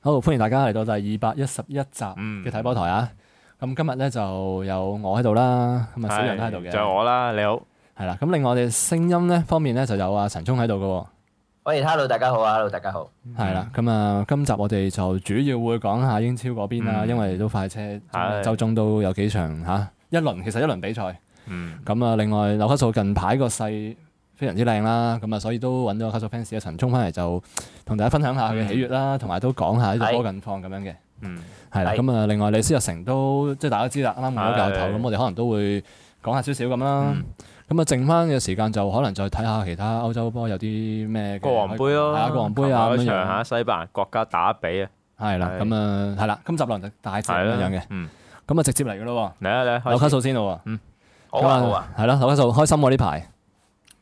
好，歡迎大家嚟到第二百一十一集嘅睇波台、嗯、啊！咁今日咧就有我喺度啦，咁啊小楊都喺度嘅，就係我啦，你好，係啦。咁另外我哋聲音咧方面咧就有阿陳聰喺度噶。喂，hello，大家好啊，hello，大家好。係啦，咁啊，今集我哋就主要會講下英超嗰邊啦，嗯、因為都快車，的周中都有幾場吓、啊，一輪其實一輪比賽。咁啊、嗯，另外紐卡素近排個勢。非常之靚啦，咁啊，所以都揾咗紐卡素 fans 阿陳聰翻嚟，就同大家分享下佢嘅喜悦啦，同埋都講下呢個波近況咁樣嘅。嗯，係啦。咁啊，另外李思日成都即係大家知啦，啱啱換咗教頭，咁我哋可能都會講下少少咁啦。咁啊，剩翻嘅時間就可能再睇下其他歐洲波有啲咩？國王杯咯，係國王杯啊，咁樣西班牙國家打比啊。係啦，咁啊，係啦，今集論就大晒一樣嘅。嗯，咁啊，直接嚟嘅咯喎，嚟啊嚟，紐卡素先咯喎。嗯，好啊好啊，係咯，紐卡素開心喎呢排。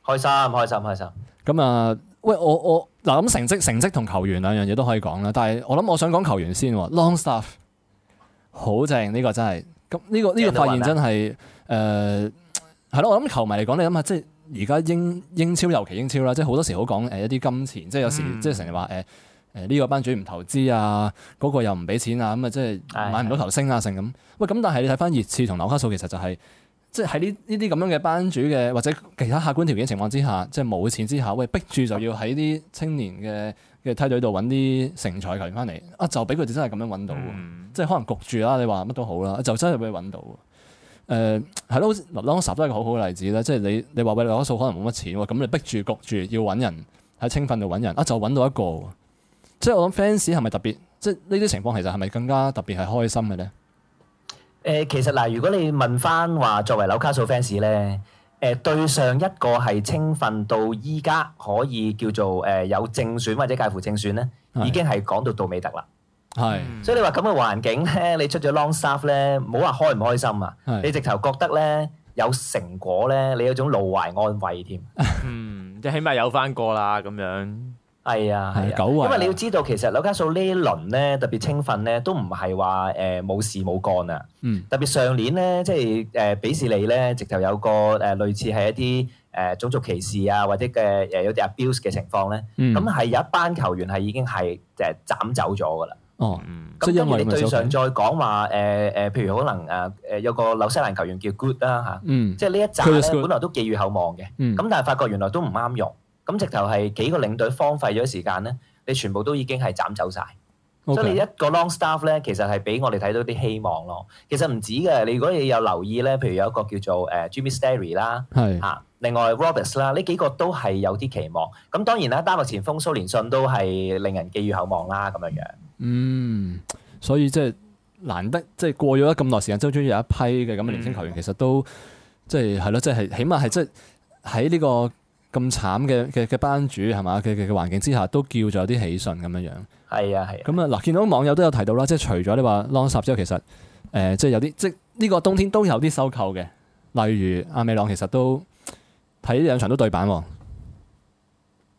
開心開心開心。咁啊，喂我我嗱，咁成績成績同球員兩樣嘢都可以講啦。但係我諗我想講球員先喎。Longstaff 好正呢，這個真係。咁，這，呢個呢，這個發現真係誒係咯。我諗球迷嚟講，你諗下，即係而家英英超尤其英超啦，即係好多時好講誒一啲金錢，即係有時，嗯、即係成日話誒誒呢個班主唔投資啊，嗰、那個又唔俾錢啊，咁啊即係買唔到球星啊成咁。喂咁，哎、呀但係你睇翻熱刺同紐卡素，其實就係、是。即係喺呢呢啲咁樣嘅班主嘅或者其他客觀條件情況之下，即係冇錢之下，喂，逼住就要喺啲青年嘅嘅梯隊度揾啲成才球員翻嚟，啊，就俾佢哋真係咁樣揾到，即係可能焗住啦，你話乜都好啦，就真係俾佢揾到。誒、呃，係咯，拉朗什都係一個好好嘅例子啦。即係你你話喂，拉朗什可能冇乜錢喎，咁你逼住焗住要揾人喺青訓度揾人，啊，就揾到一個。即係我諗 fans 係咪特別？即係呢啲情況其實係咪更加特別係開心嘅咧？誒、呃、其實嗱，如果你問翻話作為紐卡素 fans 咧，誒、呃、對上一個係青訓到依家可以叫做誒、呃、有正選或者介乎正選咧，是已經係講到杜美特啦。係是，所以你話咁嘅環境咧，你出咗 long staff 咧，唔好話開唔開心啊，是你直頭覺得咧，有成果咧，你有種老懷安慰添。嗯， 即起碼有翻個啦咁樣。係啊，係啊，因為你要知道，其實紐卡素呢一輪咧，特別青訓咧，都唔係話誒冇事冇幹啊。嗯。特別上年咧，即係誒比士利咧，直頭有個誒、呃、類似係一啲誒、呃、種族歧視啊，或者嘅誒、呃、有啲 abuse 嘅情況咧、嗯呃哦。嗯。咁係有一班球員係已經係誒斬走咗噶啦。哦。咁因為你最常再講話誒誒，譬、嗯、如可能誒誒有個紐西蘭球員叫 Good 啦、啊、嚇。嗯、啊。即係呢一集咧，本來都寄予厚望嘅。嗯。咁但係發覺原來都唔啱用。咁直頭係幾個領隊荒廢咗時間咧，你全部都已經係斬走晒。即 Okay. 係你一個 long staff 咧，其實係俾我哋睇到啲希望咯。其實唔止嘅，你如果你有留意咧，譬如有一個叫做誒、uh, Jimmy Stary 啦是，嚇、啊，另外 Roberts 啦、啊，呢幾個都係有啲期望。咁、啊、當然啦、啊，丹麥前鋒蘇連信都係令人寄予厚望啦，咁樣樣。嗯，所以即係難得，即係過咗咁耐時間，周中有一批嘅咁嘅年輕球員，其實都、嗯、即係係咯，即係起碼係即喺呢、這個。咁慘嘅嘅嘅班主係嘛？嘅嘅嘅環境之下都叫咗有啲喜訊咁樣樣。係啊係啊。咁啊嗱，見到網友都有提到啦，即係除咗你話 loss 之後，其實誒、呃、即係有啲即呢個冬天都有啲收購嘅，例如阿美朗其實都睇兩場都對版喎、啊，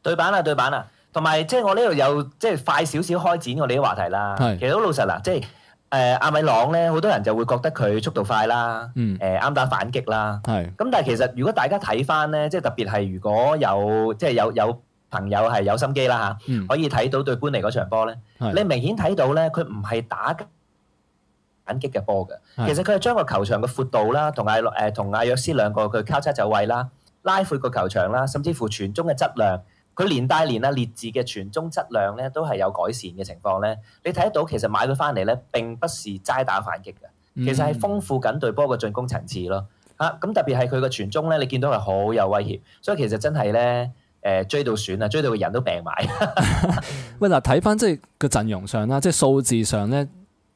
對板啦對版啦、啊。同埋即係我呢度有，即、就、係、是、快少少開展我哋啲話題啦。是其實好老實啦，即、就、係、是。誒阿、呃、米朗咧，好多人就會覺得佢速度快啦，誒啱、嗯呃、打反擊啦。係的，咁但係其實如果大家睇翻咧，即係特別係如果有即係有有朋友係有心機啦嚇，嗯、可以睇到對般尼嗰場波咧，的你明顯睇到咧，佢唔係打反擊嘅波嘅，其實佢係將個球場嘅闊度啦，同阿洛同阿約斯兩個佢交叉走位啦，拉闊個球場啦，甚至乎傳中嘅質量。佢連帶連啊，列治嘅傳中質量咧都係有改善嘅情況咧。你睇到其實買佢翻嚟咧，並不是齋打反擊嘅，其實係豐富緊隊波嘅進攻層次咯。嚇、啊，咁特別係佢嘅傳中咧，你見到係好有威脅，所以其實真係咧，誒追到損啊，追到個人都病埋。 喂嗱，睇翻即係個陣容上啦，即係數字上咧，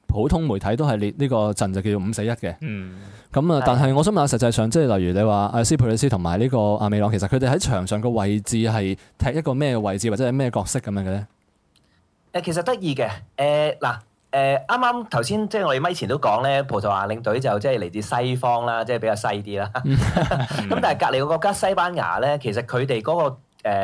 普通媒體都係列呢個陣就叫做五四一嘅。嗯。咁啊！但係我想問下，實際上即係例如你話阿斯佩里斯同埋呢個阿美朗，其實佢哋喺場上個位置係踢一個咩位置或者係咩角色咁樣嘅咧？誒，其實得意嘅誒嗱誒，啱啱頭先即係我哋咪前都講咧，葡萄牙領隊就即係嚟自西方啦，即係比較西啲啦。咁 但係隔離個國家西班牙咧，其實佢哋嗰個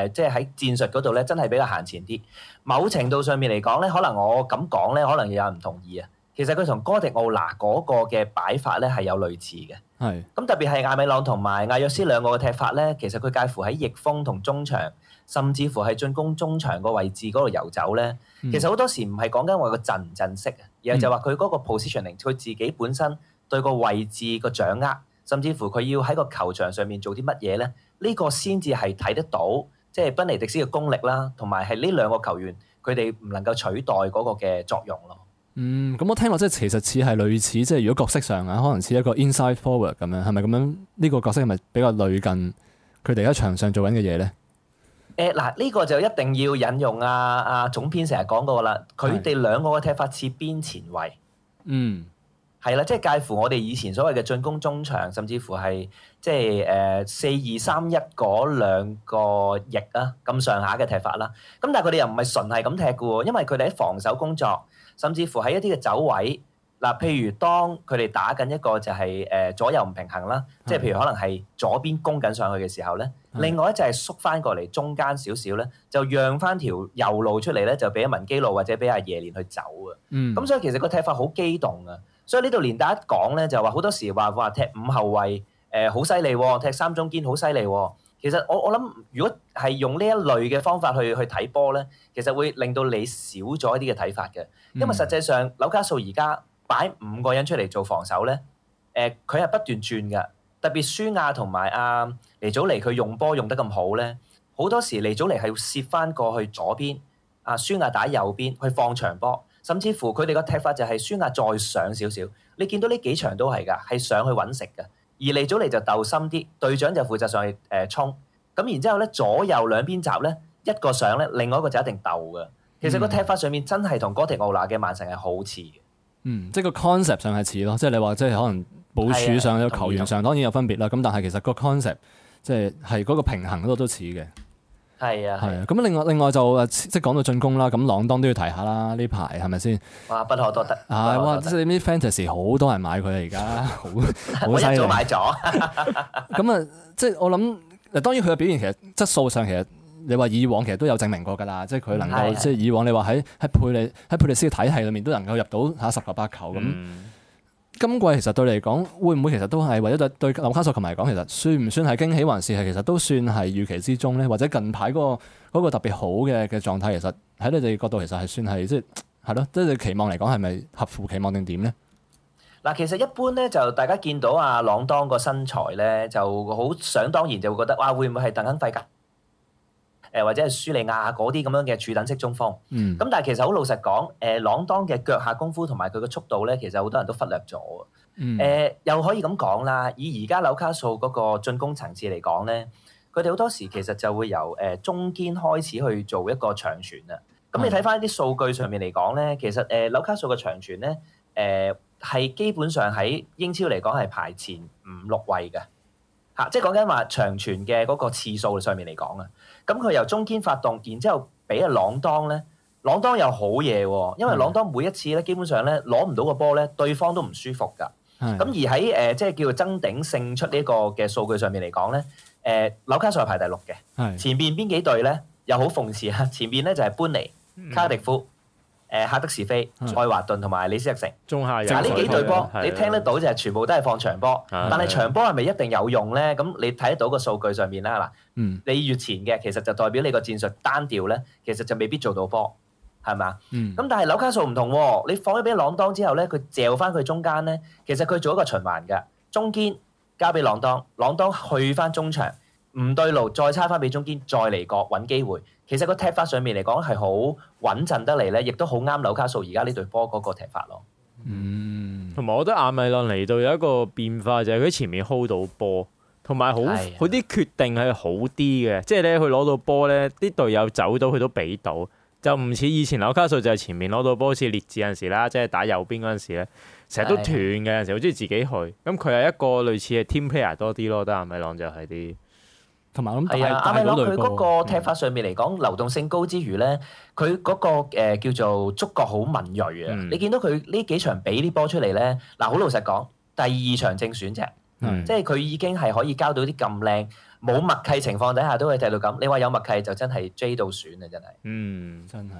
即係喺戰術嗰度咧，真係比較行前啲。某程度上面嚟講咧，可能我咁講咧，可能有人唔同意啊。其實佢同哥迪奧拿嗰個嘅擺法咧係有類似嘅，係咁是特別係艾米朗同埋艾約斯兩個嘅踢法咧，其實佢介乎喺逆風同中場，甚至乎係進攻中場個位置嗰度游走咧。嗯、其實好多時唔係講緊我個陣陣式啊，而係就話佢嗰個 positioning，佢自己本身對個位置個掌握，甚至乎佢要喺個球場上面做啲乜嘢咧？呢個先至係睇得到，即係賓尼迪斯嘅功力啦，同埋係呢兩個球員佢哋唔能夠取代嗰個嘅作用咯。嗯，咁我聽落即係其實似係類似，即係如果角色上啊，可能似一個 inside forward 咁樣，係咪咁樣呢？呢個角色係咪比較類近佢哋喺場上做緊嘅嘢咧？誒、呃，嗱，呢個就一定要引用阿、啊、阿、啊、總編成日講過啦，佢哋兩個嘅踢法似邊前衞，嗯，係啦，即係介乎我哋以前所謂嘅進攻中場，甚至乎係即係誒四二三一嗰兩個翼啊，咁上下嘅踢法啦。咁但係佢哋又唔係純係咁踢嘅喎，因為佢哋喺防守工作。甚至乎喺一啲嘅走位，嗱，譬如當佢哋打緊一個就係誒左右唔平衡啦，即係的譬如可能係左邊攻緊上去嘅時候咧，的另外一隻就係縮翻過嚟中間少少咧，就讓翻條右路出嚟咧，就俾阿文基路或者俾阿耶連去走啊。咁、嗯、所以其實個踢法好機動啊。所以呢度連帶一講咧，就話好多時話話踢五後衞誒好犀利，踢三、呃、中堅好犀利。其實我我諗，如果係用呢一類嘅方法去去睇波咧，其實會令到你少咗一啲嘅睇法嘅。因為實際上，紐卡素而家擺五個人出嚟做防守咧，誒佢係不斷轉嘅。特別舒亞同埋阿黎祖尼，佢用波用得咁好咧，好多時黎祖尼係要蝕翻過去左邊，啊舒亞打右邊去放長波，甚至乎佢哋個踢法就係舒亞再上少少。你見到呢幾場都係㗎，係上去揾食㗎。而嚟祖嚟就鬥心啲，隊長就負責上去誒衝。咁然之後咧，左右兩邊閘咧，一個上咧，另外一個就一定鬥嘅。其實個踢法上面真係同哥迪奧拿嘅曼城係好似嘅。嗯，即係個 concept 上係似咯，即係你話即係可能部署上、的球員上當然有分別啦。咁樣但係其實個 concept 即係係嗰個平衡嗰度都似嘅。係是啊，啊，係啊，咁另外另外就啊，即係講到進攻啦，咁朗當都要提下啦，呢排係咪先？是是哇，不可多得，係、啊、哇，即係啲 fantasy 好多人買佢啊，而家好犀利， 早買咗，咁啊，即係我諗，誒，當然佢嘅表現其實質素上其實，你話以往其實都有證明過噶啦，即係佢能夠，是是即係以往你話喺喺佩利喺佩利斯嘅體系裏面都能夠入到吓十球八球咁。嗯今季其實對你嚟講，會唔會其實都係為咗對對紐卡素球迷嚟講，其實算唔算係驚喜，還是係其實都算係預期之中呢？或者近排嗰個嗰個特別好嘅嘅狀態，其實喺你哋角度其實係算係即係咯，即、係、即係，即係期望嚟講係咪合乎期望定點呢？嗱，其實一般呢，就大家見到阿朗當個身材呢，就好想當然就會覺得哇，會唔會係鄧肯費格？誒或者係蘇利亞嗰啲咁樣嘅柱躉式中鋒，咁、嗯、但係其實好老實講，誒朗當嘅腳下功夫同埋佢嘅速度咧，其實好多人都忽略咗。誒、嗯呃、又可以咁講啦，以而家紐卡素嗰個進攻層次嚟講咧，佢哋好多時其實就會由誒、呃、中堅開始去做一個長傳啦。咁你睇翻啲數據上面嚟講咧，其實誒、呃、紐卡素嘅長傳咧，誒、呃、係基本上喺英超嚟講係排前五六位嘅。嚇！即係講緊話長傳嘅嗰個次數上面嚟講啊，咁佢由中堅發動，然之後俾阿朗當咧，朗當又好嘢喎、啊，因為朗當每一次咧，基本上咧攞唔到個波咧，對方都唔舒服噶。咁是的 而喺誒、呃、即係叫做爭頂勝出呢一個嘅數據上面嚟講咧，誒、呃、紐卡素係排第六嘅是的，前邊邊幾隊咧又好諷刺啊，前邊咧就係班尼、嗯、卡迪夫。誒夏、呃、德士菲、愛、嗯、華頓同埋李斯特城，成，就係呢幾隊波，的你聽得到就係全部都係放長波，的但係長波係咪一定有用咧？咁你睇得到個數據上面啦嗱，嗯、你月前嘅其實就代表你個戰術單調咧，其實就未必做到波，係嘛？嗯，咁、嗯、但係紐卡素唔同喎、啊，你放咗俾朗當之後咧，佢掉翻佢中間咧，其實佢做一個循環㗎，中堅交俾朗當，朗當去翻中場。唔對路，再差翻俾中堅，再嚟過揾機會。其實個踢法上面嚟講係好穩陣得嚟咧，亦都好啱。紐卡素而家呢隊波嗰個踢法咯。嗯，同埋我覺得亞米朗嚟到有一個變化就係佢前面 hold 到波，同埋好佢啲決定係好啲嘅。即係咧，佢攞到波咧，啲隊友走到佢都俾到，就唔似以前紐卡素就係前面攞到波，好似列治陣時啦，即係打右邊嗰陣時咧，成日都斷嘅陣時，好中意自己去。咁佢係一個類似係 team player 多啲咯，我覺得亞米朗就係啲。同埋我諗係啊，啱啱諗佢嗰個踢法上面嚟講，嗯、流動性高之餘咧，佢嗰、嗰個、呃、叫做觸覺好敏鋭啊！嗯、你見到佢呢幾場俾啲波出嚟咧，嗱好老實講，第二場正選啫，嗯、即係佢已經係可以交到啲咁靚，冇默契情況底下都可以踢到咁。你話有默契就真係追到選啊！真係，嗯，真係。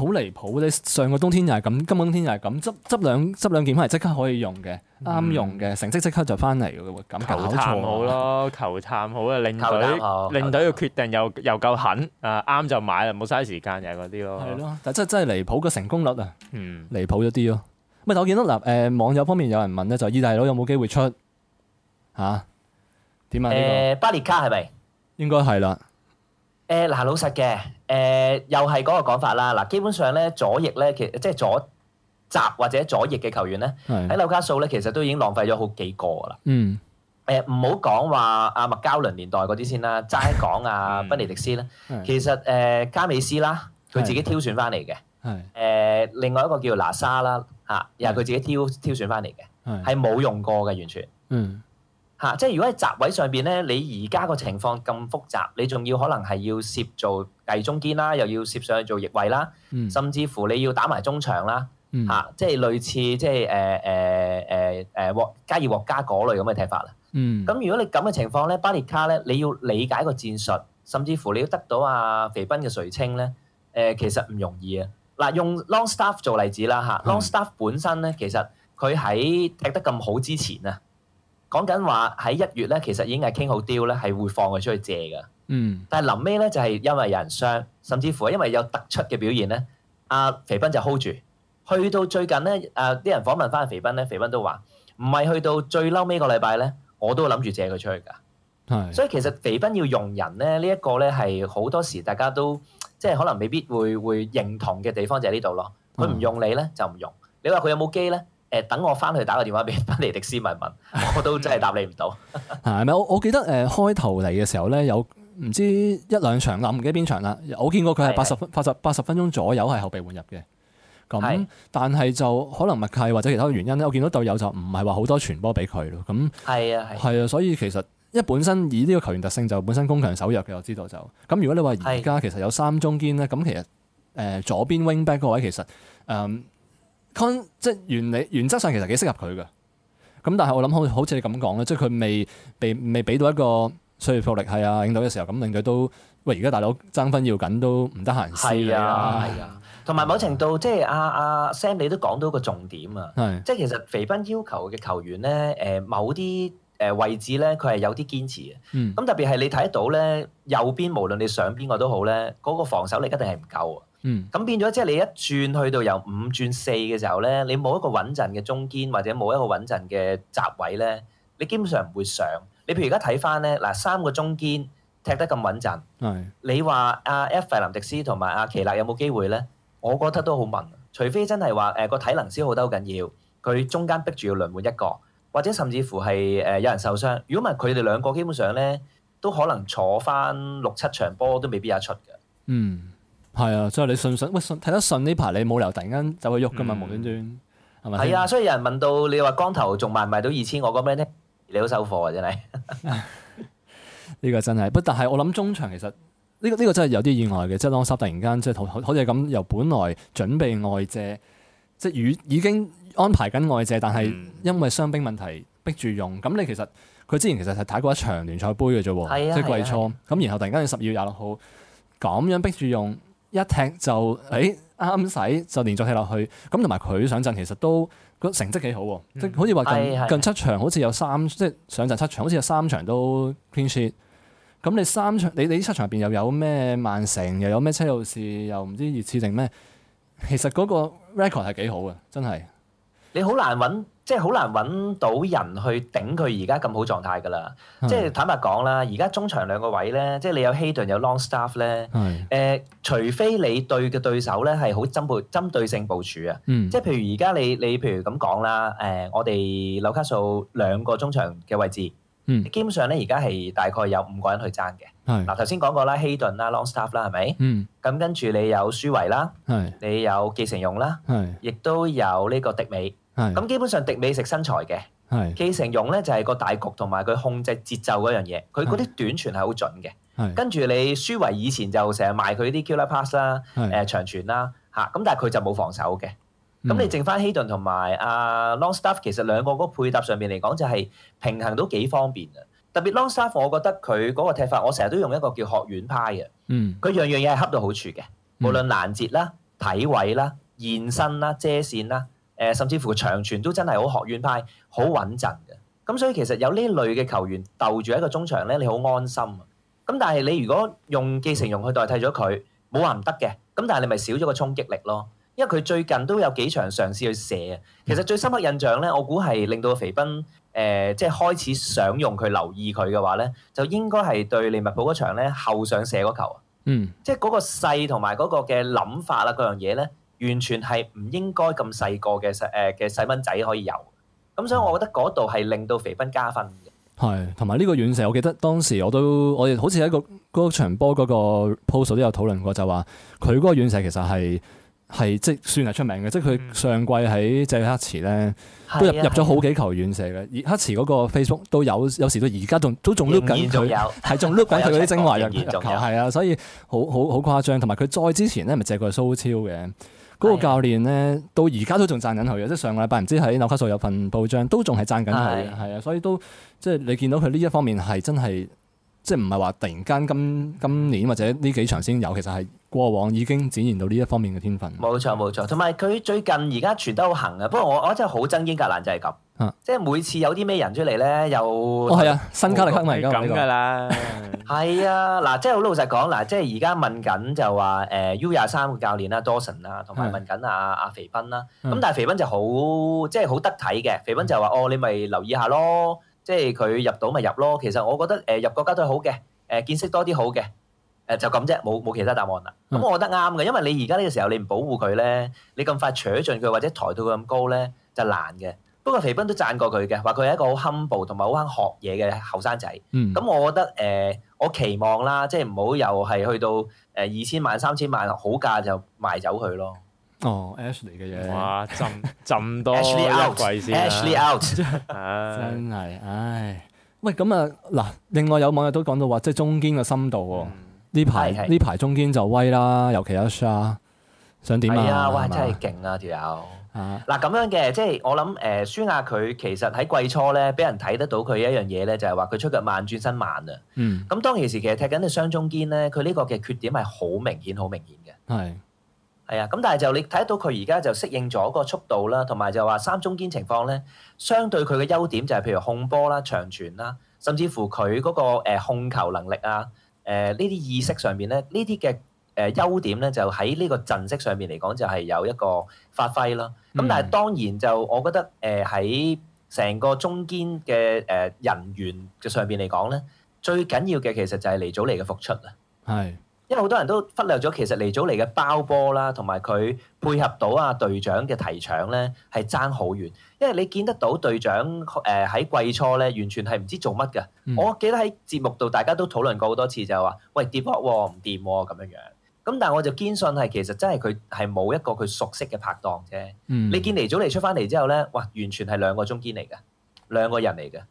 好離譜咧！上個冬天又係咁，今個冬天又係咁，執執兩執兩件翻嚟即刻可以用嘅，啱、嗯、用嘅成績即刻就翻嚟嘅咁搞錯咯！球探好啊，領隊，領隊嘅決定又又夠狠啊！啱就買啦，冇嘥時間又係嗰啲咯。係咯，但真真係離譜個成功率啊！離譜咗啲咯。咪、嗯、我見到嗱誒、呃、網友方面有人問咧，就係、意大佬有冇機會出嚇？點啊，啊、呃？巴列卡係咪？應該係啦。誒嗱，老實嘅，誒、呃、又係嗰個講法啦。嗱，基本上咧，左翼咧，其即係左閘或者左翼嘅球員咧，喺紐卡素咧其實都已經浪費咗好幾個啦。嗯。誒唔好講話阿麥嘉倫年代嗰啲先啦，齋講阿賓尼迪斯啦。嗯嗯、其實誒、呃、加美斯啦，佢自己挑選翻嚟嘅。係。誒、呃、另外一個叫做拿沙啦嚇，又係佢自己挑是挑選翻嚟嘅，係冇用過嘅完全是。嗯。嚇！即係如果喺閘位上邊咧，你而家個情況咁複雜，你仲要可能係要攝做偽中堅啦，又要攝上去做翼位啦，嗯、甚至乎你要打埋中場啦，嚇、嗯啊！即係類似即係誒誒誒誒獲加爾獲加嗰類咁嘅踢法啦。咁、嗯、如果你咁嘅情況咧，巴列卡咧，你要理解個戰術，甚至乎你要得到阿、啊、肥斌嘅垂青咧，誒、呃、其實唔容易啊！嗱，用 Longstaff 做例子啦嚇、啊嗯、Longstaff 本身咧，其實佢喺踢得咁好之前啊～講緊話喺一月咧，其實已經係傾好 deal 咧，係會放佢出去借㗎。嗯。但係臨尾咧，就係、是、因為有人傷，甚至乎因為有突出嘅表現咧，阿、啊、肥斌就 hold 住。去到最近咧，誒、啊、啲人訪問翻阿肥斌咧，肥斌都話：唔係去到最嬲尾個禮拜咧，我都諗住借佢出去㗎。係是。所以其實肥斌要用人咧，這個、呢一個咧係好多時大家都即係可能未必會會認同嘅地方就係呢度咯。佢唔用你咧就唔用。嗯、你話佢有冇機咧？誒，等我翻去打個電話俾賓尼迪斯問問，我都真係答你唔到。 係咪我我記得誒、呃、開頭嚟嘅時候咧，有唔知一兩場啦，諗唔記得邊場啦。我見過佢係八十分八十八十分鐘左右係後備換入嘅。咁但係就可能默契或者其他嘅原因的，我見到隊友就唔係話好多傳波俾佢咯。咁係啊係啊，所以其實因為本身以呢個球員特性就本身攻強守弱嘅，我知道就咁。如果你話而家其實有三中堅咧，咁的其實誒、呃呃、左邊 wing back 嗰位其實嗯。即係原理原則上其實幾適合佢嘅，咁但係我諗好好似你咁講咧，即係佢未被未俾到一個說服力係啊，應到嘅時候咁令佢都喂而家大佬爭分要緊都唔得閒思啊，啦，係啊，同埋唉某程度即係阿阿 Sam 你都講到個重點啊，即係其實肥斌要求嘅球員咧，誒、呃、某啲誒位置咧佢係有啲堅持嘅，咁、嗯、特別係你睇到咧右邊無論你上邊個都好咧，嗰、那個防守力一定係唔夠。嗯，咁變咗即係你一轉去到由五轉四嘅時候咧，你冇一個穩陣嘅中堅或者冇一個穩陣嘅閘位咧，你基本上唔會上。你譬如而家睇翻咧，嗱三個中堅踢得咁穩陣，係是的 你話阿埃弗林迪斯同埋阿奇勒有冇機會咧？我覺得都好問，除非真係話誒個體能消耗得好緊要，佢中間逼住要輪換一個，或者甚至乎係誒有人受傷。如果唔係佢哋兩個，基本上咧都可能坐翻六七場波都未必有出嘅。嗯。係啊，所以你信信喂信睇得信呢排你冇理由突然間走去喐噶嘛，無端端係咪？係啊，所以有人問到你話光頭仲賣唔賣到二千？我講咩呢？你好收貨啊，真係呢 個真係不，但係我諗中場其實呢、這個呢、這個真係有啲意外嘅，即、就、係、是、當時突然間即係好似係咁由本來準備外借，即係已已經安排緊外借，但係因為傷兵問題逼住用。咁你其實佢之前其實係打過一場聯賽杯嘅啫，即係季初。咁、啊啊、然後突然間十二月廿六號咁樣逼住用。一踢就誒啱使就連續踢落去，咁同埋佢上陣其實都個成績幾好喎，嗯、即好似話近是是是近七場好似有三即係上陣七場好似有三場都 clean sheet，咁你三場你你七場入邊又有咩曼城又有咩車路士又唔知熱刺定咩，其實嗰個 record 係幾好嘅，真係你好難揾。即係好難揾到人去頂佢而家咁好狀態㗎啦！即係坦白講啦，而家中場兩個位咧，即係你有希頓有 Longstaff 咧，誒，除非你對嘅對手咧係好針對針對性部署啊！即係譬如而家你你譬如咁講啦，誒，我哋紐卡素兩個中場嘅位置，基本上咧而家係大概有五個人去爭嘅。嗱頭先講過啦，希頓啦，Longstaff 啦係咪？咁跟住你有舒維啦，你有繼承勇啦，亦都有呢個迪美。咁基本上迪美食身材嘅，既是成容咧就係、是、個大局同埋佢控制節奏嗰樣嘢。佢嗰啲短傳係好準嘅，是跟住你舒維以前就成日賣佢啲 killer pass 啦，誒是、呃、長傳啦嚇。咁、啊、但係佢就冇防守嘅。咁你剩翻希頓同埋阿、嗯啊、Longstaff 其實兩個嗰個配搭上面嚟講就係平衡到幾方便嘅、啊。特別 Longstaff，我覺得佢嗰個踢法我成日都用一個叫學院派嘅。嗯，佢樣樣嘢係恰到好處嘅，嗯、無論攔截啦、體位啦、現身啦、遮線啦。誒、呃，甚至乎長傳都真係好學院派，好穩陣嘅。咁所以其實有呢類嘅球員，逗住喺個中場咧，你好安心。咁但係你如果用繼承容去代替咗佢，冇話唔得嘅。咁但係你咪少咗個衝擊力咯。因為佢最近都有幾場嘗試去射啊。其實最深刻印象咧，我估係令到肥斌誒、呃，即係開始想用佢，留意佢嘅話咧，就應該係對利物浦嗰場咧後上射嗰球啊。嗯。即係嗰個勢同埋嗰個嘅諗法啦，嗰樣嘢咧。完全係唔應該咁細個嘅細誒嘅細蚊仔可以有，咁、嗯、所以我覺得嗰度係令到肥賓加分嘅。係，同埋呢個遠射，我記得當時我都我哋好似喺個嗰、那個、場波嗰個 post 都有討論過，就話佢嗰個遠射其實係係即算係出名嘅，即係佢上季喺借黑池咧都入、嗯、入咗好幾球遠射嘅，而黑池嗰個 Facebook 都有有時到而家仲都仲碌緊佢仲擼緊佢嗰啲精華入球，係啊，所以好好好誇張。同埋佢再之前咧，咪借過蘇超嘅。嗰個教練咧，到而家都仲讚緊佢嘅，即係是的 上個禮拜唔知喺紐卡素有份報章都仲係讚緊佢，係啊，所以都即係你見到佢呢一方面係真係。即係唔係話突然間今今年或者呢幾場先有，其實係過往已經展現到呢一方面嘅天分。冇錯冇錯，同埋佢最近而家傳得好行啊！不過我我真係好憎英格蘭就係咁，啊、即係每次有啲咩人出嚟咧，又哦係啊，新卡力克咪咁噶啦，係 啊嗱，即係好老實講嗱，即係而家問緊就話誒、呃、U 廿三個教練啦，多神啦，同埋問緊阿阿肥斌啦，咁但係肥斌就好即係好得體嘅，肥斌就話、就是、哦，你咪留意下咯。即係佢入到咪入咯。其實我覺得誒、呃、入國家都係好嘅，誒、呃、見識多啲好嘅誒、呃、就咁啫，冇冇其他答案啦。咁、嗯、我覺得啱嘅，因為你而家呢個時候你唔保護佢咧，你咁快扯盡佢或者抬到佢咁高咧就難嘅。不過肥斌都讚過佢嘅，話佢係一個好 humble 同埋好肯學嘢嘅後生仔。咁、嗯、我覺得誒、呃、我期望啦，即係唔好又係去到誒、呃、二千萬三千萬好價就賣走佢咯。哦，Ashley 嘅嘢，哇，浸浸多一季先。Ashley out，真係，唉，喂，咁啊，嗱，另外有網友都講到話，即係中堅嘅深度喎，呢排呢排中堅就威啦，尤其阿 Sha，想點啊？係啊，哇，真係勁啊，條友。嗱，咁樣嘅，即係我諗，誒，舒雅佢其實喺季初咧，俾人睇得到佢一樣嘢咧，就係話佢出腳慢，轉身慢啊。咁當其時，其實踢緊係雙中堅咧，佢呢個嘅缺點係好明顯，好明顯嘅。係。係啊，咁但係就你睇到佢而家就適應咗個速度啦，同埋就話三中堅情況咧，相對佢嘅優點就係譬如控波啦、長傳啦，甚至乎佢嗰、嗰個、呃、控球能力啊、誒呢啲意識上邊咧，呢啲嘅誒優點咧，就喺呢個陣式上邊嚟講就係有一個發揮咯。咁、嗯、但係當然就我覺得誒喺成個中堅嘅誒人員嘅上邊嚟講咧，最緊要嘅其實就係嚟祖嚟嘅復出啦。係。因為好多人都忽略咗，其實黎祖尼嘅包波啦，同埋佢配合到啊隊長嘅提搶咧，係爭好遠。因為你見得到隊長誒喺、呃、季初咧，完全係唔知做乜嘅。嗯、我記得喺節目度大家都討論過好多次，就係話：喂跌落唔掂咁樣樣。咁但係我就堅信係其實真係佢係冇一個佢熟悉嘅拍檔啫。嗯、你見黎祖尼出翻嚟之後咧，哇！完全係兩個中堅嚟嘅，兩個人嚟嘅。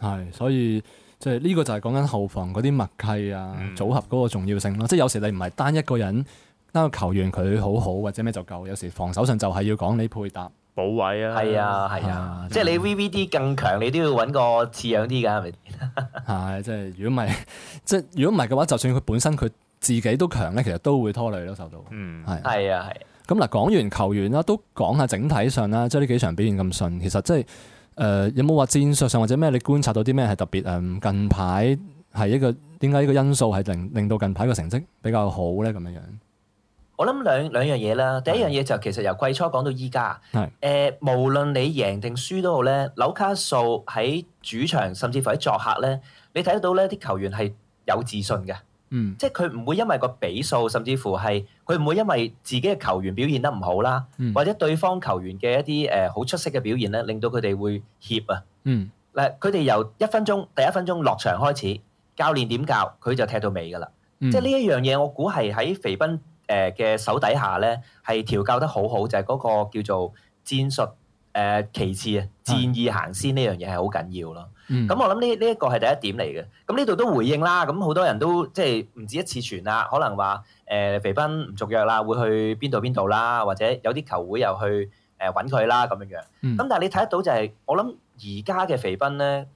係，所以。即係呢個就係講緊後防嗰啲默契啊，組合嗰個重要性咯、啊。嗯、即係有時你唔係單一個人單個球員佢好好或者咩就夠，有時防守上就係要講你配搭補位啊。係啊，係啊，即係、啊、你 VVD 更強，嗯、你都要揾個似樣啲㗎，係咪、啊？係、啊，即係、啊、如果唔係，即、就、係、是、如果唔係嘅話，就算佢本身佢自己都強呢，其實都會拖累咯，受到嗯、啊啊啊啊嗯。嗯，係。係啊，係。咁嗱，講完球員啦，都講下整體上啦，即係呢幾場表現咁順，其實即係。誒、呃、有冇話戰術上或者咩？你觀察到啲咩係特別誒、嗯？近排係一個點解呢個因素係令令到近排個成績比較好咧？咁樣樣，我諗兩兩樣嘢啦。第一樣嘢就其實由季初講到依家，誒的、呃、無論你贏定輸都好咧，紐卡素喺主場甚至乎喺作客咧，你睇得到咧啲球員係有自信嘅。嗯，即係佢唔會因為個比數，甚至乎係佢唔會因為自己嘅球員表現得唔好啦，嗯、或者對方球員嘅一啲誒好出色嘅表現咧，令到佢哋會怯啊。嗯，嗱，佢哋由一分鐘第一分鐘落場開始，教練點教佢就踢到尾噶啦。嗯、即係呢一樣嘢，我估係喺肥斌誒嘅、呃、手底下咧，係調教得好好，就係、係、嗰個叫做戰術誒其、呃、次啊，戰意行先呢樣嘢係好緊要咯。咁、嗯嗯、我諗呢呢一個係第一點嚟嘅。咁呢度都回應啦，咁好多人都即係唔止一次傳啦，可能話誒、呃、肥斌唔續約啦，會去邊度邊度啦，或者有啲球會又去誒搵佢啦咁樣樣。咁、嗯、但係你睇得到就係、是，我諗而家嘅肥斌咧，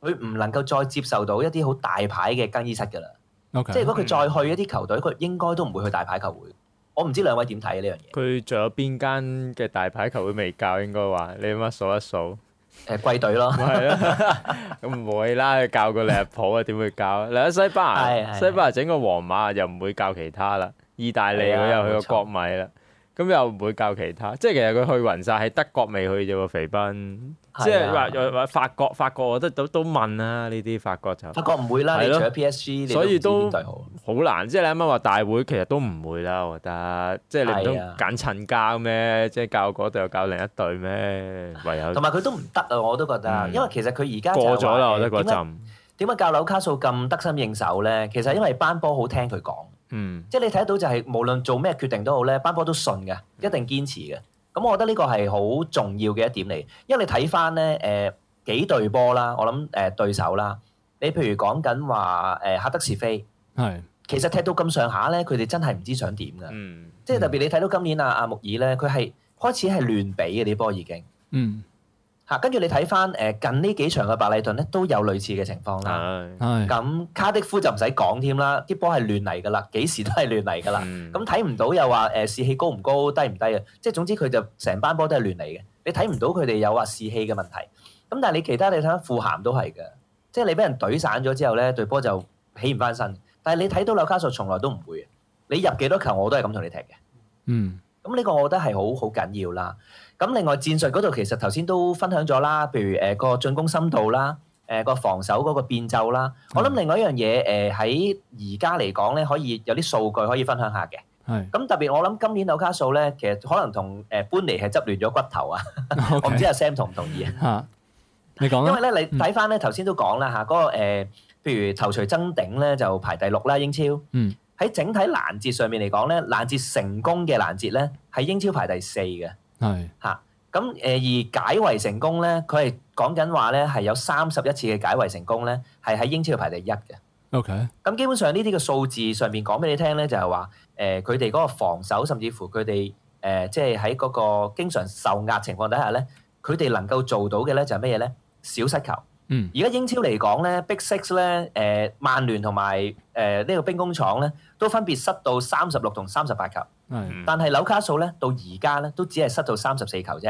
佢唔能夠再接受到一啲好大牌嘅更衣室㗎啦。Okay, 即係如果佢再去一啲球隊，佢、嗯、應該都唔會去大牌球會。我唔知兩位點睇呢樣嘢。佢仲有邊間嘅大牌球會未教應該話？你有乜數，數一數？誒，歸隊、呃、咯，係啦，咁唔會啦，佢教過利物浦啊，點會教啊？你喺西班牙， 西班牙整個皇馬又唔會教其他啦，意大利佢又去過國米啦，咁 又唔會教其他，即係其實佢去勻晒，喺德國未去咋喎，肥斌。即係話話法國，法國我都都都問啦、啊。呢啲法國就法國唔會啦，啊、你除咗 PSG，所以都對好難。即係你啱啱話大會，其實都唔會啦。我覺得即係你都揀親教咩？即係教嗰隊又教另一隊咩？唯有同埋佢都唔得啊！我都覺得，嗯、因為其實佢而家過咗啦，我覺得嗰陣點解教紐卡素咁得心應手咧？其實因為班波好聽佢講，嗯，即係你睇到就係無論做咩決定都好咧，班波都信嘅，一定堅持嘅。嗯。咁我覺得呢個係好重要嘅一點嚟，因為你睇翻咧誒幾對波啦，我諗誒、呃、對手啦，你譬如講緊話誒哈德士飛，係、呃、是其實踢到咁上下咧，佢哋真係唔知想點噶，嗯、即係特別你睇到今年阿、啊、阿木爾咧，佢係開始係亂比嘅啲波已經。嗯嚇，跟住、啊、你睇翻誒近呢幾場嘅白禮頓咧，都有類似嘅情況啦。係、哎，咁卡迪夫就唔使講添啦，啲波係亂嚟噶啦，幾時都係亂嚟噶啦。咁睇唔到又話誒士氣高唔高、低唔低啊？即係總之佢就成班波都係亂嚟嘅，你睇唔到佢哋有話士氣嘅問題。咁、嗯嗯、但係你其他你睇下富咸都係嘅，即係你俾人懟散咗之後咧，隊波就起唔翻身。但係你睇到紐卡素從來都唔會嘅，你入幾多球我都係咁同你踢嘅。嗯，咁呢、嗯、個我覺得係好好緊要啦。咁另外戰術嗰度其實頭先都分享咗啦，譬如誒個進攻深度啦，誒個防守嗰個變奏啦。我諗另外一樣嘢誒喺而家嚟講咧，可以有啲數據可以分享下嘅。係。咁特別我諗今年紐卡素咧，其實可能同誒班尼係執亂咗骨頭啊！我唔知阿 Sam 同唔同意啊？嚇，你講啊。因為咧，你睇返咧頭先都講啦嚇，嗰個誒，譬如頭槌爭頂咧就排第六啦，英超。嗯。喺整體攔截上面嚟講咧，攔截成功嘅攔截咧，係英超排第四嘅。係嚇，咁誒而解圍成功咧，佢係講緊話咧，係有三十一次嘅解圍成功咧，係喺英超度排第一嘅。OK。咁基本上呢啲嘅數字上面講俾你聽咧，就係話誒佢哋嗰個防守，甚至乎佢哋誒即係喺嗰個經常受壓情況底下咧，佢哋能夠做到嘅咧就係咩嘢咧？小失球。嗯。而家英超嚟講咧，Big Six 咧，誒曼聯同埋誒呢個兵工廠咧。都分別失到三十六同三十八球，嗯、但係紐卡素咧到而家咧都只係失到三十四球啫。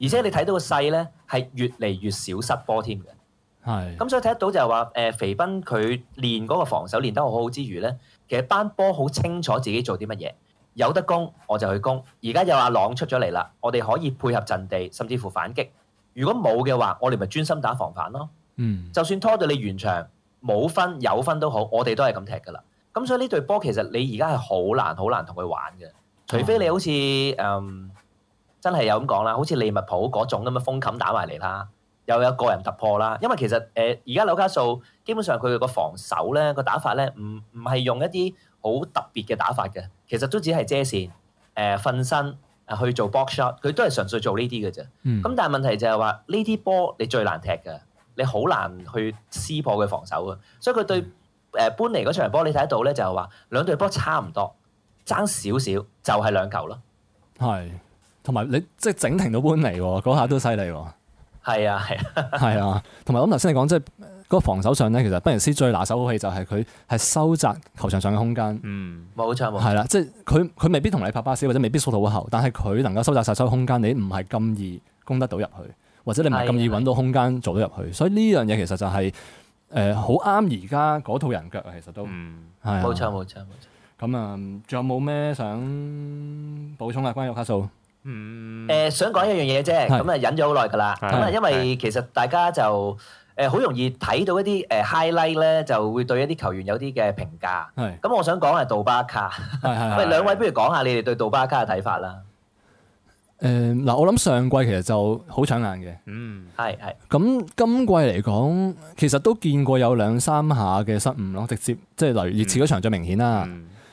而且你睇到個勢咧係越嚟越少失波添嘅。係咁、嗯、所以睇得到就係話誒，肥斌佢練嗰個防守練得好好之餘咧，其實班波好清楚自己做啲乜嘢，有得攻我就去攻。而家有阿朗出咗嚟啦，我哋可以配合陣地，甚至乎反擊。如果冇嘅話，我哋咪專心打防反咯。嗯，就算拖到你完場冇分有分都好，我哋都係咁踢噶啦。咁、嗯、所以呢對波其實你而家係好難好難同佢玩嘅，除非你好似誒、嗯、真係有咁講啦，好似利物浦嗰種咁嘅風冚打埋嚟啦，又有個人突破啦。因為其實誒而家紐卡素基本上佢個防守咧個打法咧，唔唔係用一啲好特別嘅打法嘅，其實都只係遮線、誒、呃、瞓身啊、呃、去做 box shot，佢都係純粹做呢啲嘅啫。咁、嗯、但係問題就係話呢啲波你最難踢嘅，你好難去撕破佢防守啊，所以佢對、嗯。誒，搬嚟嗰場波你睇到咧，就係話兩隊波差唔多，爭少少就係、是、兩球咯。係，同埋你即係整停到搬嚟，嗰下都犀利。係啊，係啊，係 啊。同埋我諗頭先你講即係嗰個防守上咧，其實不然斯最拿手好戲就係佢係收窄球場上嘅空間。嗯，冇錯。係啦的錯，即係佢佢未必同你拍巴士，或者未必縮到好後，但係佢能夠收窄晒所有空間，你唔係咁易攻得到入去，或者你唔係咁易揾到空間做到入去。所以呢樣嘢其實就係、是。誒好啱而家嗰套人腳啊，其實都嗯，冇錯冇錯冇錯。咁啊，仲錯錯有冇咩想補充啊？關於卡素，嗯，誒、呃、想講一樣嘢啫。咁啊是，就忍咗好耐㗎啦。咁啊，因為其實大家就誒好、呃、容易睇到一啲誒 highlight 咧，就會對一啲球員有啲嘅評價。係。咁我想講係杜巴卡，喂是的，兩位不如講下你哋對杜巴卡嘅睇法啦。的誒，嗱、呃，我諗上季其實就好搶眼嘅。嗯，係係。咁今季嚟講，其實都見過有兩三下嘅失誤咯，直接即係例如熱刺嗰場最明顯啦。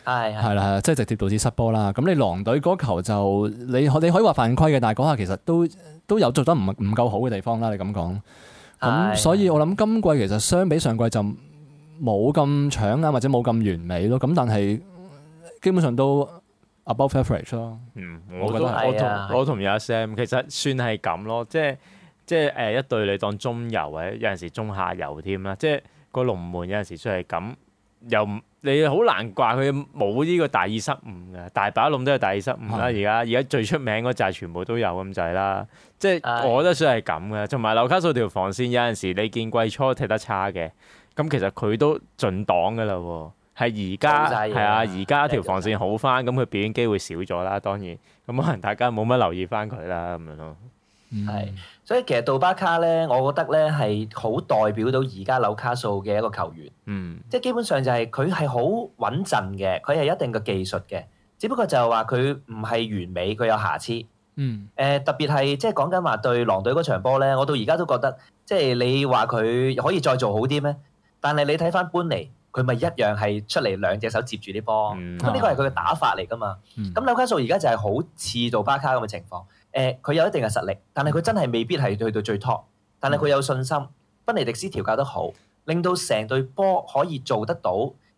係係。係啦，即係直接導致失波啦。咁你狼隊嗰球就你你可以話犯規嘅，但係嗰下其實都都有做得唔唔夠好嘅地方啦。你咁講。咁所以我諗今季其實相比上季就冇咁搶眼或者冇咁完美咯。咁但係基本上都。above average 咯，嗯，我覺得、啊、我同跟、啊、我同阿 Sam 其實算係咁咯，即係即係誒一對你當中游或者有陣時中下游添啦，即係個龍門有陣時算係咁，又你好難怪佢冇呢個大意失誤嘅，大把龍門都有大意失誤啦。而家而家最出名嗰就係全部都有咁滯啦，即係我覺得算係咁嘅。同埋紐卡素條防線有陣時你見季初踢得差嘅，咁其實佢都進檔嘅啦喎。係而家，係啊！而家條防線好返，咁佢表演機會少咗啦。當然，咁可能大家冇乜留意返佢啦，咁樣咯。係，所以其實杜巴卡咧，我覺得咧係好代表到而家紐卡素嘅一個球員。嗯，即係基本上就係佢係好穩陣嘅，佢係一定嘅技術嘅。只不過就係話佢唔係完美，佢有瑕疵。嗯。誒、呃，特別係即係講緊話對狼隊嗰場波咧，我到而家都覺得，即係你話佢可以再做好啲咩？但係你睇返班尼。佢咪一樣係出嚟兩隻手接住啲波，咁呢個係佢嘅打法嚟噶嘛？咁紐卡素而家就係好似杜巴卡咁嘅情況。誒，佢有一定嘅實力，但係佢真係未必係去到最 top，但係佢有信心。賓尼迪斯調教得好，令到成隊波可以做得到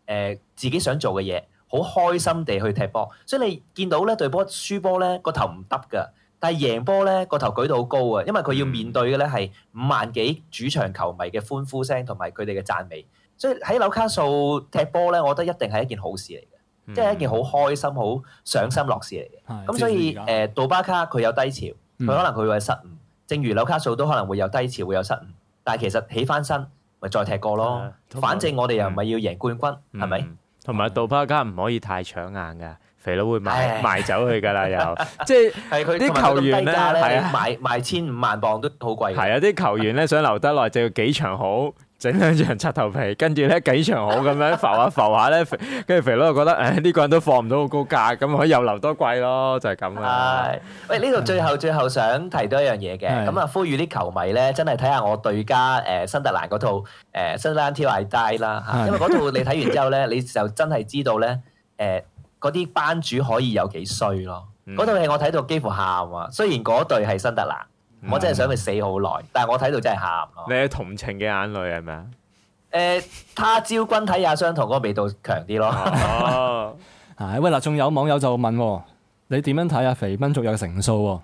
誒自己想做嘅嘢，好開心地去踢波。所以你見到咧隊波輸波咧個頭唔耷嘅，但係贏波咧個頭舉到好高啊！因為佢要面對嘅咧係五萬幾主場球迷嘅歡呼聲同埋佢哋嘅讚美。所以喺紐卡素踢波咧，我覺得一定係一件好事嚟嘅，即係一件好開心、好上心樂事嚟嘅。咁所以誒，杜巴卡佢有低潮，佢可能佢會失誤。正如紐卡素都可能會有低潮，會有失誤。但係其實起翻身，咪再踢過咯。反正我哋又唔係要贏冠軍，係咪？同埋杜巴卡唔可以太搶眼㗎，肥佬會賣賣走佢㗎啦。又即係啲球員低價咧，賣賣千五萬鎊都好貴。係啊，啲球員咧想留得耐就要幾場好。整兩人擦頭皮，跟住咧幾場好咁樣浮下浮下咧，跟住 肥佬就覺得誒呢、哎呢個人都放唔到好高價，咁可以又留多季咯，就係咁啦。喂，呢度最後最後想提多一樣嘢嘅，咁啊是呼籲啲球迷咧，真係睇下我對家誒新、呃、特蘭嗰套、呃、《新特蘭挑矮仔》啦嚇，因為嗰套你睇完之後咧，是你就真係知道咧誒嗰啲班主可以有幾衰咯。嗰套戲我睇到幾乎喊啊，雖然嗰隊係新特蘭。我真係想佢死好耐，但係我睇到真係喊咯。你係同情嘅眼淚係咪啊？誒、呃，他朝君睇下相同嗰、那個味道強啲咯。哦，喂嗱，仲有網友就問你點樣睇啊？肥斌仲有成數喎。誒、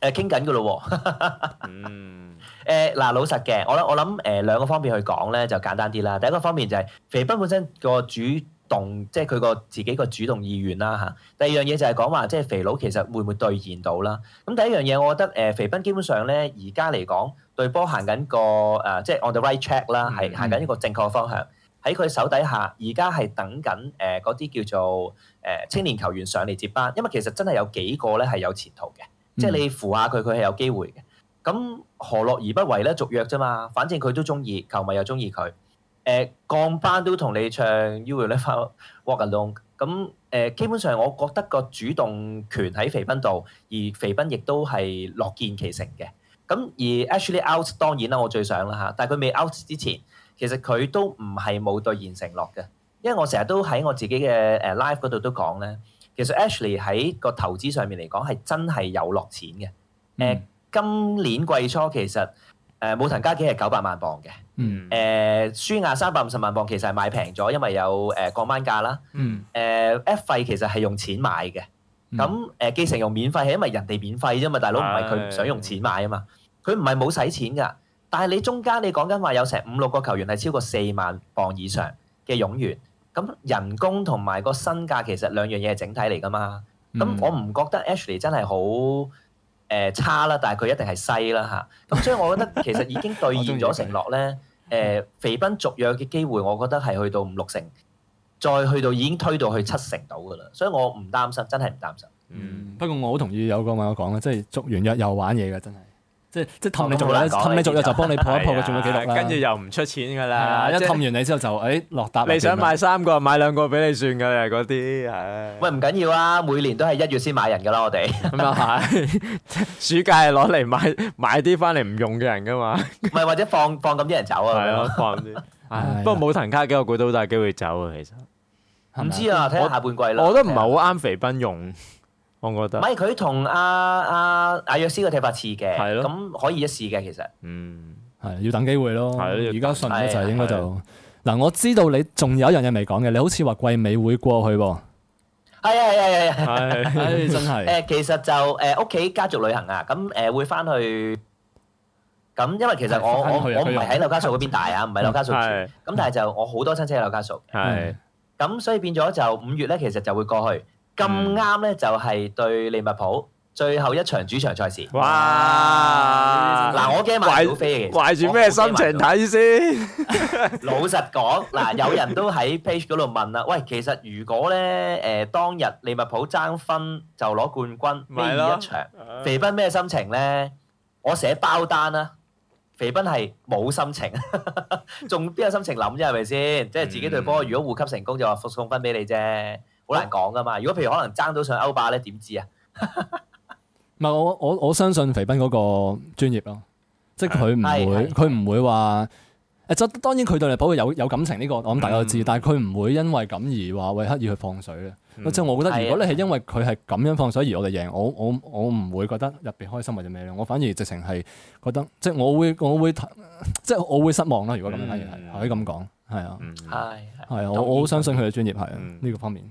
呃，傾緊噶咯。 嗯。嗱、呃，老實嘅，我我諗誒、呃、兩個方面去講咧，就簡單啲啦。第一個方面就係、是、肥斌本身個主。動即係佢個自己個主動意願啦嚇、啊。第二樣嘢就係講話，即係肥佬其實會唔會兌現到啦？咁第一樣嘢我覺得誒、呃、肥斌基本上咧，而家嚟講對波行緊個誒、呃、即係 on the right track 啦，係行緊一個正確方向。喺佢手底下，而家係等緊誒嗰啲叫做誒、呃、青年球員上嚟接班，因為其實真係有幾個咧係有前途嘅，嗯、即係你扶下佢，佢係有機會嘅。咁何樂而不為咧？續約啫嘛，反正佢都中意，球迷又中意佢。誒降、呃、班都同你唱《You will never walk alone》，嗯，霍銀龍。咁誒，基本上我覺得個主動權喺肥斌度，而肥斌亦都係樂見其成嘅。咁、嗯、而 Ashley Out 當然啦，我最想啦嚇，但係佢未 Out 之前，其實佢都唔係冇兌現承諾嘅。因為我成日都喺我自己嘅誒、uh, live 嗰度都講咧，其實 Ashley 喺個投資上面嚟講係真係有落錢嘅。誒、嗯呃，今年季初其實。誒、呃、武藤嘉紀係九百萬磅嘅，誒舒亞三百五十萬磅，其實係買平咗，因為有誒降、呃、班價啦。誒、嗯呃、F 費其實係用錢買嘅，咁誒繼承用免費係因為人哋免費啫嘛，大佬唔係佢唔想用錢買啊嘛，佢唔係冇使錢噶。但係你中間你講緊話有成五六個球員係超過四萬磅以上嘅傭員，咁、嗯、人工同埋個身價其實兩樣嘢係整體嚟噶嘛。咁我唔覺得 Ashley 真係好。誒、呃、差啦，但係佢一定係細啦吓，咁、啊、所以我覺得其實已經兌現咗承諾咧。誒、 哦呃、肥斌續約嘅機會，我覺得係去到五六成，再去到已經推到去七成度㗎喇，所以我唔擔心，真係唔擔心。嗯，不過我好同意有個網友講嘅，即係續完約又玩嘢㗎，真係。即即氹你做一日，氹你做日就幫你抱一抱。佢做咗幾耐，跟住又唔出錢噶啦，一氹完你之後就誒落搭。你想買三個，買兩個俾你算噶啦，嗰啲唉。喂，唔緊要啊，每年都係一月先買人噶啦，我哋咁又係。暑假係攞嚟買買啲翻嚟唔用嘅人噶嘛。唔係，或者放放咁啲人走啊。係啊，放啲。不過冇囤卡幾個股都好大機會走啊，其實。唔知啊，睇下半季咯。我都唔係好啱肥斌用。我覺得唔係佢同阿阿阿約斯個踢法似嘅，係咯，咁可以一試嘅其實。嗯，係要等機會咯。係，而家順一齊應該就嗱，我知道你仲有一樣嘢未講嘅，你好似話季尾會過去喎。係啊係啊係啊！唉，真係。誒，其實就誒屋企家族旅行啊，咁誒會返去。咁因為其實我我我唔係喺紐卡素嗰邊大啊，唔係紐卡素住。咁但係就我好多親戚喺紐卡素。係。咁所以變咗就五月咧，其實就會過去。咁啱咧，就係對利物浦最後一場主場賽事。哇！嗱，我驚買到飛嘅，懷住咩心情睇先？老實講，嗱，有人都喺 page 嗰度問啦。喂，其實如果咧誒當日利物浦爭分就攞冠軍，呢一場肥斌咩心情咧？我寫包單啊。肥斌係冇心情，仲邊有心情諗啫？係咪先？即係自己隊波，如果護級成功，就話送分俾你啫。好難講噶嘛？如果譬如可能爭到上歐霸，咧，點知啊？唔係我我我相信肥斌嗰個專業咯，即係佢唔會佢唔會話誒，當然佢對利物浦有有感情呢個，我諗大家都知，但係佢唔會因為咁而話為刻意去放水嘅。即係我覺得如果你係因為佢係咁樣放水而我哋贏，我我我唔會覺得入邊開心或者咩咯。我反而直情係覺得，即係我會我會即係我會失望啦。如果咁樣係，可以咁講係啊，係係啊，我我好相信佢嘅專業係啊，呢個方面。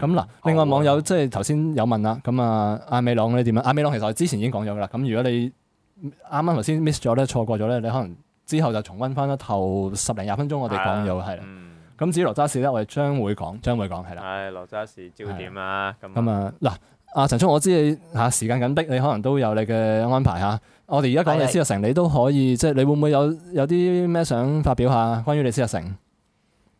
咁嗱，嗯、另外、哦、網友即係頭先有問啦，咁啊，阿美朗你點啊？阿美朗其實我之前已經講咗噶啦。咁如果你啱啱頭先 miss 咗咧，錯過咗咧，你可能之後就重温翻一頭十零廿分鐘我哋講咗係啦。咁、嗯、至於羅渣士咧，我哋將會講，將會講係啦。誒、哎，羅渣士焦點啊！咁咁啊，嗱那，阿、呃、陳聰，我知你嚇，時間緊迫你，你可能都有你嘅安排嚇。我哋而家講李斯特城，的你都可以即係你會唔會有有啲咩想發表下？關於李斯特城。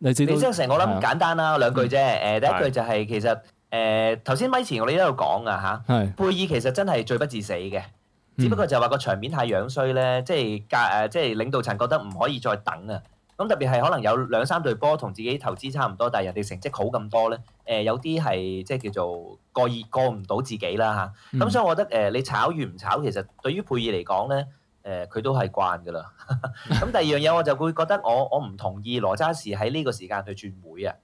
你即係成我諗唔簡單啦兩句啫，誒、呃、第一句就係、是、是其實誒頭先咪前我哋都有講啊嚇，是佩爾其實真係罪不至死嘅，只不過就話個場面太樣衰咧，即係隔誒即係領導層覺得唔可以再等啊，咁特別係可能有兩三隊波同自己投資差唔多，但係人哋成績好咁多咧，誒、啊、有啲係即係叫做過意過唔到自己啦嚇，咁、啊啊嗯嗯啊、所以我覺得誒、呃、你炒與唔炒其實對於佩爾嚟講咧。誒佢、呃、都係慣嘅啦、 嗯，咁第二樣嘢我就會覺得我我唔同意羅渣士喺呢個時間去轉會啊！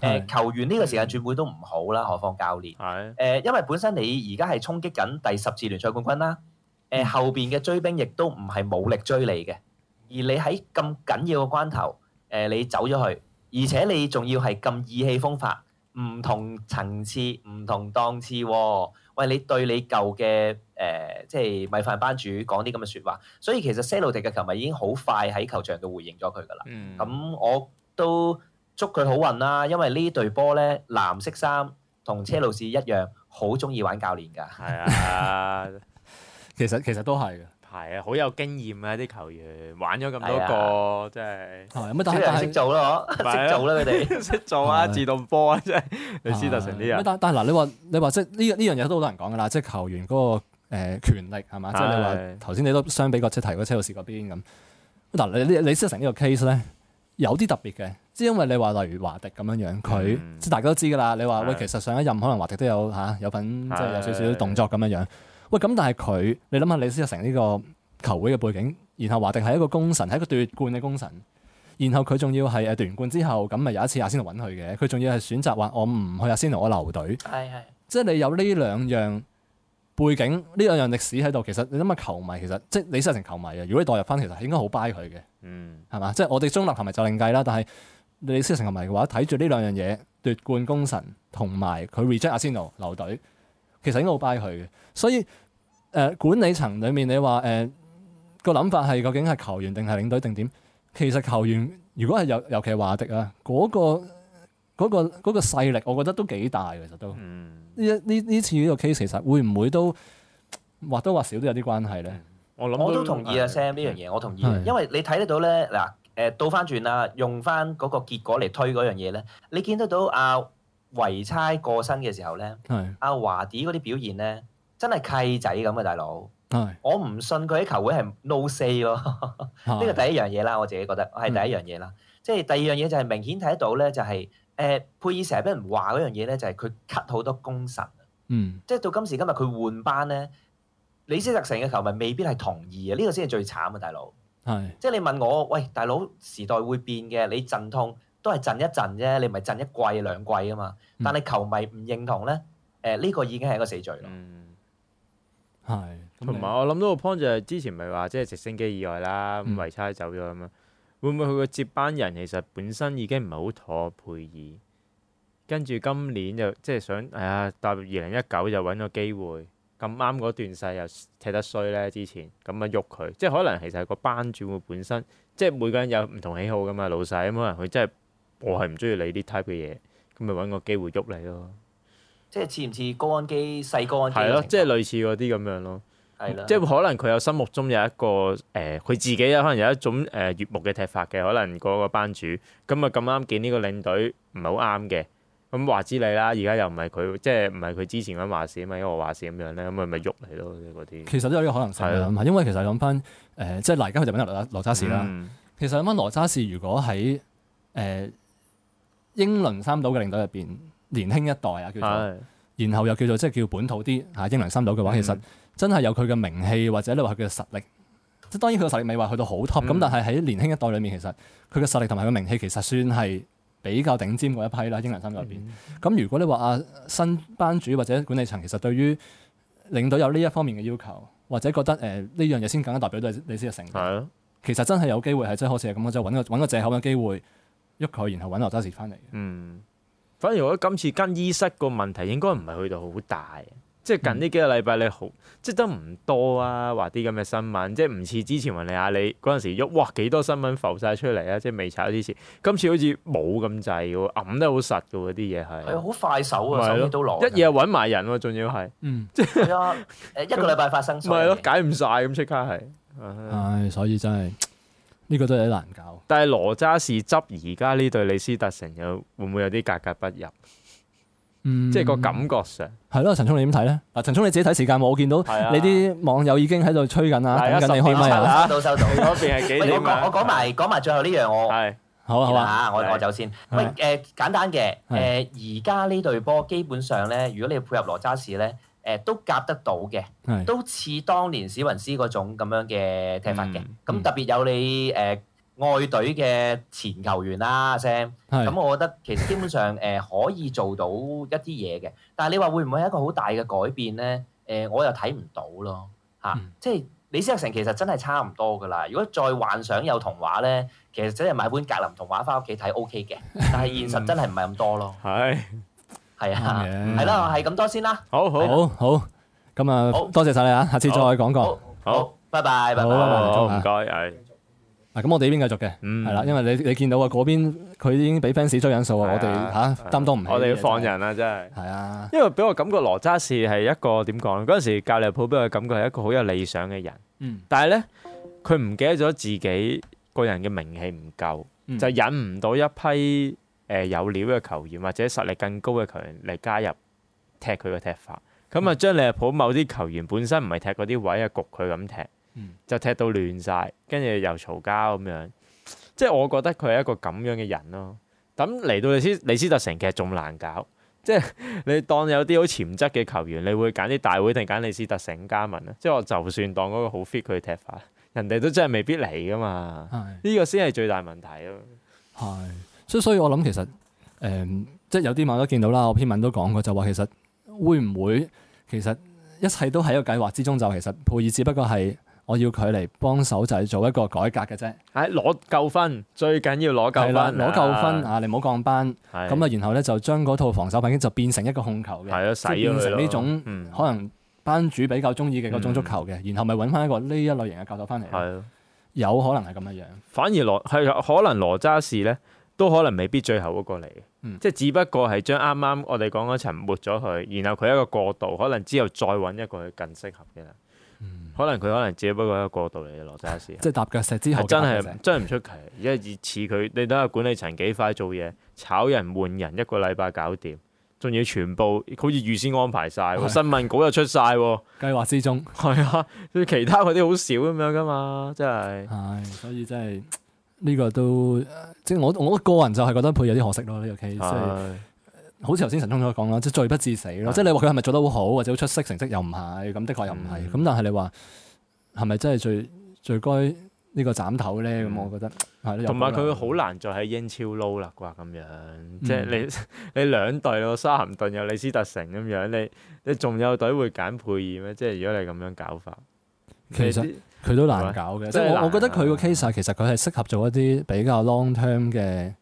誒、呃、球員呢個時間轉會都唔好啦，何況教練。係、呃、誒，因為本身你而家係衝擊緊第十次聯賽冠軍啦，誒、呃、後邊嘅追兵亦都唔係冇力追你嘅，而你喺咁緊要嘅關頭，誒、呃、你走咗去，而且你仲要係咁意氣風發。唔同層次、唔同檔次喎、啊，喂你對你舊嘅誒、呃，即係米飯班主講啲咁嘅説話，所以其實西、嗯、路迪嘅球迷已經好快喺球場度回應咗佢噶啦。嗯，咁我都祝佢好運啦、啊，因為隊呢隊波咧藍色衫同車路士一樣，好中意玩教練㗎，係啊 其，其實其實都係嘅。係啊，好有經驗啊！啲球員玩咗咁多個，即係、啊，有係識做咯，識、啊、做啦你哋識做啊，自動波啊，真係李斯特城呢人。但但係嗱，你話你話即係呢呢樣嘢都好多人講噶啦，即係球員嗰個誒權力係嘛？即係你話頭先你都相比過即係提過車路士嗰邊咁嗱，李李李斯特城呢個 case 咧有啲特別嘅，即係因為你話例如華迪咁樣樣，佢即係大家都知噶啦，你話喂其實上一任可能華迪都有嚇、啊、有份即係有少少動作咁樣樣。喂，咁但係佢，你諗下李思成呢個球會嘅背景，然後華迪係一個功臣，係一個奪冠嘅功臣，然後佢仲要係誒奪完冠之後，咁咪有一次阿仙奴揾佢嘅，佢仲要係選擇話我唔去阿仙奴，我留隊，嗯、即係你有呢兩樣背景，呢兩樣歷史喺度，其實你諗下球迷，其實即係李思成球迷啊，如果你代入翻，其實應該好 buy 佢嘅，嗯，係嘛，即係我哋中立球迷就另計啦，但係李思成球迷嘅話，睇住呢兩樣嘢，奪冠功臣同埋佢 reject 阿仙奴留隊，其實應該好 buy 佢嘅。所以誒，管理層裏面你話誒個諗法係究竟係球員定係領隊定點？其實球員如果係尤尤其華迪啊，嗰個嗰個勢力，我覺得都幾大其實都。嗯。呢呢次呢個 case 其實會唔會都或多或少都有啲關係呢？我諗我都同意啊 Sam，呢樣嘢，我同意。因為你睇得到呢，嗱誒倒翻轉啦，用翻嗰個結果嚟推嗰樣嘢呢，你見得到阿維差過身嘅時候呢，阿華迪嗰啲表現呢。真係契仔咁嘅大佬！的我唔信佢喺球會係 no say 喎。呢 個第一樣嘢啦，的我自己覺得係第一樣嘢啦。嗯、即係第二樣嘢就係明顯睇得到咧、就係，就係誒佩爾成日俾人話嗰樣嘢咧，就係佢 cut 好多功臣、嗯、即係到今時今日佢換班咧，李斯特城嘅球迷未必係同意啊。呢、呢個先係最慘嘅大佬。係的即係你問我，喂，大佬時代會變嘅，你陣痛都係震一陣啫，你唔係陣一季兩季啊嘛。但係球迷唔認同咧，誒、呃、呢、呢個已經係一個死罪咯。嗯嗯。係，同埋我諗到個 point 就係之前咪話即係直升機意外啦，維、嗯、差走咗咁樣，會唔會佢個接班人其實本身已經唔係好妥佩爾，跟住今年就即係想，哎呀，踏入二零一九就揾個機會，咁啱嗰段世又踢得衰呢，之前咁啊喐佢，即係可能其實個班主本身即係每個人有唔同喜好噶嘛，老細咁可能佢真係我係唔中意你啲 type 嘅嘢，咁咪揾個機會喐你咯。即係似唔似高安機細高安機？係咯，即係類似嗰啲咁樣咯。係啦的，即係可能佢有心目中有一個誒，佢、呃、自己啊，可能有一種誒悅目嘅踢法嘅。可能嗰個班主咁啊，咁啱見呢個領隊唔係好啱嘅。咁話之你啦，而家又唔係佢，即係唔係佢之前話事啊嘛？因為話事咁樣咧，咁佢咪喐嚟咯嗰啲。其實都有呢個可能性。係啦的，因為其實諗翻誒，即係嗱，而家佢就揾羅渣羅渣士啦。其實諗翻羅渣士，如果喺誒英倫三島嘅領隊入邊。年輕一代啊，叫做，的然後又叫做即係叫本土啲嚇英倫三島嘅話，嗯、其實真係有佢嘅名氣或者你話佢嘅實力，即係當然佢嘅實力未話去到好 top，咁但係喺年輕一代裏面，其實佢嘅實力同埋佢嘅名氣其實算係比較頂尖嗰一批啦，英倫三島入邊。咁、嗯、如果你話阿、啊、新班主或者管理層其實對於領隊有呢一方面嘅要求，或者覺得誒呢樣嘢先更加代表你先嘅成績，的嗯、其實真係有機會係真、就是、好似係咁，即係揾個揾個借口嘅機會喐佢，然後揾羅渣士翻嚟。反而我覺得今次更衣室個問題應該唔係去到好大，即係近呢幾個禮拜你好，即係都唔多啊話啲咁嘅新聞，即係唔似之前雲尼亞你嗰陣時喐，哇幾多新聞浮晒出嚟啊！即係未炒之前，今次好似冇咁滯嘅喎，揞得好實嘅喎啲嘢係。係好快手啊，首尾了都攞，一夜揾埋人喎，仲要係。嗯，係一個禮拜發生。唔係咯，解唔曬咁即刻係。唉，所以真係。 呢個都有啲難搞，但係羅渣士執而家呢對李斯特城有會唔會有啲格格不入？嗯，即係個感覺上係咯。陳聰，你點睇咧？啊，陳聰，你自己睇時間我見到你啲網友已經喺度吹緊啦，等緊你開咪啊？啊，都收到，嗰邊係幾點啊？我講埋講埋最後呢樣，我係好啊嚇，我我走先。唔係誒簡單嘅誒，而家呢隊波基本上咧，如果你要配合羅渣士咧。誒都夾得到嘅，是都似當年史雲斯嗰種咁樣嘅踢法嘅。咁、嗯、特別有你誒外、呃、隊嘅前球員啦、啊啊、，Sam 咁我覺得其實基本上誒、呃、可以做到一啲嘢嘅。但係你話會唔會係一個好大嘅改變咧？誒、呃、我又睇唔到咯，嚇、啊！嗯、即係李斯特城其實真係差唔多㗎啦。如果再幻想有童話咧，其實真係買本格林童話翻屋企睇 OK 嘅，但係現實真係唔係咁多咯。係、嗯。係啊，係咯，係咁多先啦。好好好，咁啊，多謝晒你啊，下次再講過。好，拜拜，拜拜，好，唔該，係。嗱，咁我哋呢邊繼續嘅，係啦，因為你你見到啊，嗰邊佢已經俾 fans 追引數啊，我哋吓擔當唔起。我哋要放人啊，真係。係啊，因為俾我感覺羅渣士係一個點講咧？嗰陣時格列普俾我感覺係一個好有理想嘅人，嗯，但係咧佢唔記得咗自己個人嘅名氣唔夠，就引唔到一批。誒、呃、有料嘅球員或者實力更高嘅球員嚟加入踢佢嘅踢法，咁啊將利物浦某啲球員本身唔係踢嗰啲位啊，焗佢咁踢，嗯、就踢到亂晒，跟住又嘈交咁樣。即係我覺得佢係一個咁樣嘅人咯。咁嚟到李斯李斯特城嘅仲難搞，即係你當有啲好潛質嘅球員，你會揀啲大會定揀李斯特城加盟啊？即係我就算當嗰個好 fit 佢嘅踢法，人哋都真係未必嚟噶嘛。呢是個先係最大問題咯。所以，所以我諗其實，誒、哎，即、就、係、是、有啲網友都見到啦。我篇文都講過，就話其實會唔會其實一切都喺一個計劃之中。就其實普爾只不過係我要佢嚟幫手，就係做一個改革嘅啫。係攞、哎、夠分，最緊要攞夠分，攞夠分啊！你唔好降班。咁啊對，然後咧就將嗰套防守反擊就變成一個控球嘅，即係變成呢種可能班主比較中意嘅嗰種足球嘅。然後咪揾翻一個呢一類型嘅教頭翻嚟。係啊了，有可能係咁嘅樣。反而羅係可能羅渣士咧。都可能未必最後嗰個嚟，即係只不過係將啱啱我哋講嗰層抹咗佢，然後佢一個過渡，可能之後再揾一個佢更適合嘅啦。可能佢可能只不過一個過渡嚟嘅羅渣士。即係搭腳石之後，真係真係唔出奇，而家似佢，你睇下管理層幾快做嘢，炒人換人一個禮拜搞掂，仲要全部好似預先安排晒，新聞稿又出曬，計劃之中。係啊，啲其他嗰啲好少咁樣噶嘛，真係。係，所以真係。呢個都即我我個人就係覺得配有啲可惜咯，呢個 case，即係好似頭先神通所講啦，即係罪不至死咯。是即係你話佢係咪做得好，好，或者好出色成績又唔係咁，的確又唔係咁。嗯、但係你話係咪真係最最該呢個斬頭咧？咁、嗯、我覺得係。同埋佢好難再喺英超撈啦，啩咁樣。即係你、嗯、你兩隊喎，沙咸頓有李斯特城咁樣，你你仲有隊會揀配爾咩？即係如果你咁樣搞法，其實。其實佢都難搞嘅，即係我我覺得佢個 case、啊、其實佢係適合做一啲比較 long term 嘅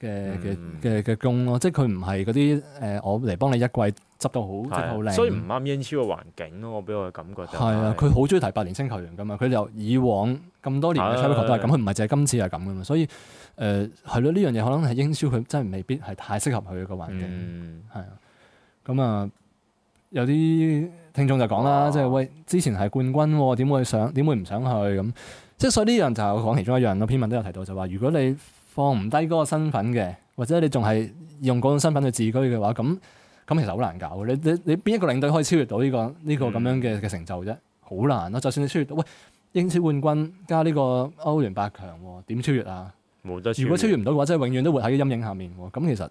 嘅嘅嘅嘅工咯，即係佢唔係嗰啲誒，我嚟幫你一季執到好即係好靚，所以唔啱、呃啊這個、英超嘅環境咯，我俾我嘅感覺就係啊，佢好中意提八年青球員噶嘛，佢由以往咁多年嘅 topic 都係咁，佢唔係淨係今次係咁噶嘛，所以誒係咯，呢樣嘢可能係英超佢真係未必係太適合佢個環境，係、嗯、啊，咁、嗯、啊有啲。聽眾就講啦，哇即係喂，之前係冠軍喎、啊，點會想點會唔想去咁？即係所以呢樣就係我講其中一樣咯。篇文都有提到，就話、是、如果你放唔低嗰個身份嘅，或者你仲係用嗰種身份去自居嘅話，咁咁其實好難搞。你你你邊一個領隊可以超越到呢、這個呢、這個咁樣嘅嘅成就啫？好、嗯、難咯、啊。就算你超越到，喂英超冠軍加呢個歐聯八強，點、嗯、超越啊？越如果超越唔到嘅話，即係永遠都活喺陰影下面喎。咁、嗯嗯、其實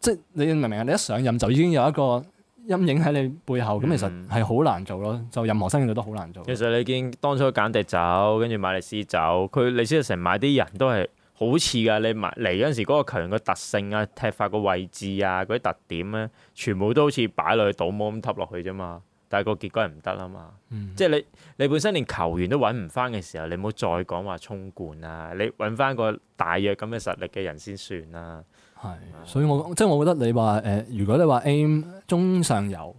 即係你明唔明啊？你一上任就已經有一個。陰影喺你背後，咁其實係好難做咯。嗯、就任何新嘅都好難做。其實你見當初揀迪走，跟住馬利斯走，佢你知啊，成買啲人都係好似㗎。你買嚟嗰陣時，嗰個球員個特性啊、踢法個位置啊、嗰啲特點咧，全部都好似擺落去倒模咁揼落去啫嘛。但係個結果係唔得啊嘛。即係、嗯、你你本身連球員都揾唔翻嘅時候，你冇再講話衝冠啊！你揾翻個大約咁嘅實力嘅人先算啦。係，所以我即係，我覺得你話誒、呃，如果你話 A.M 中上游，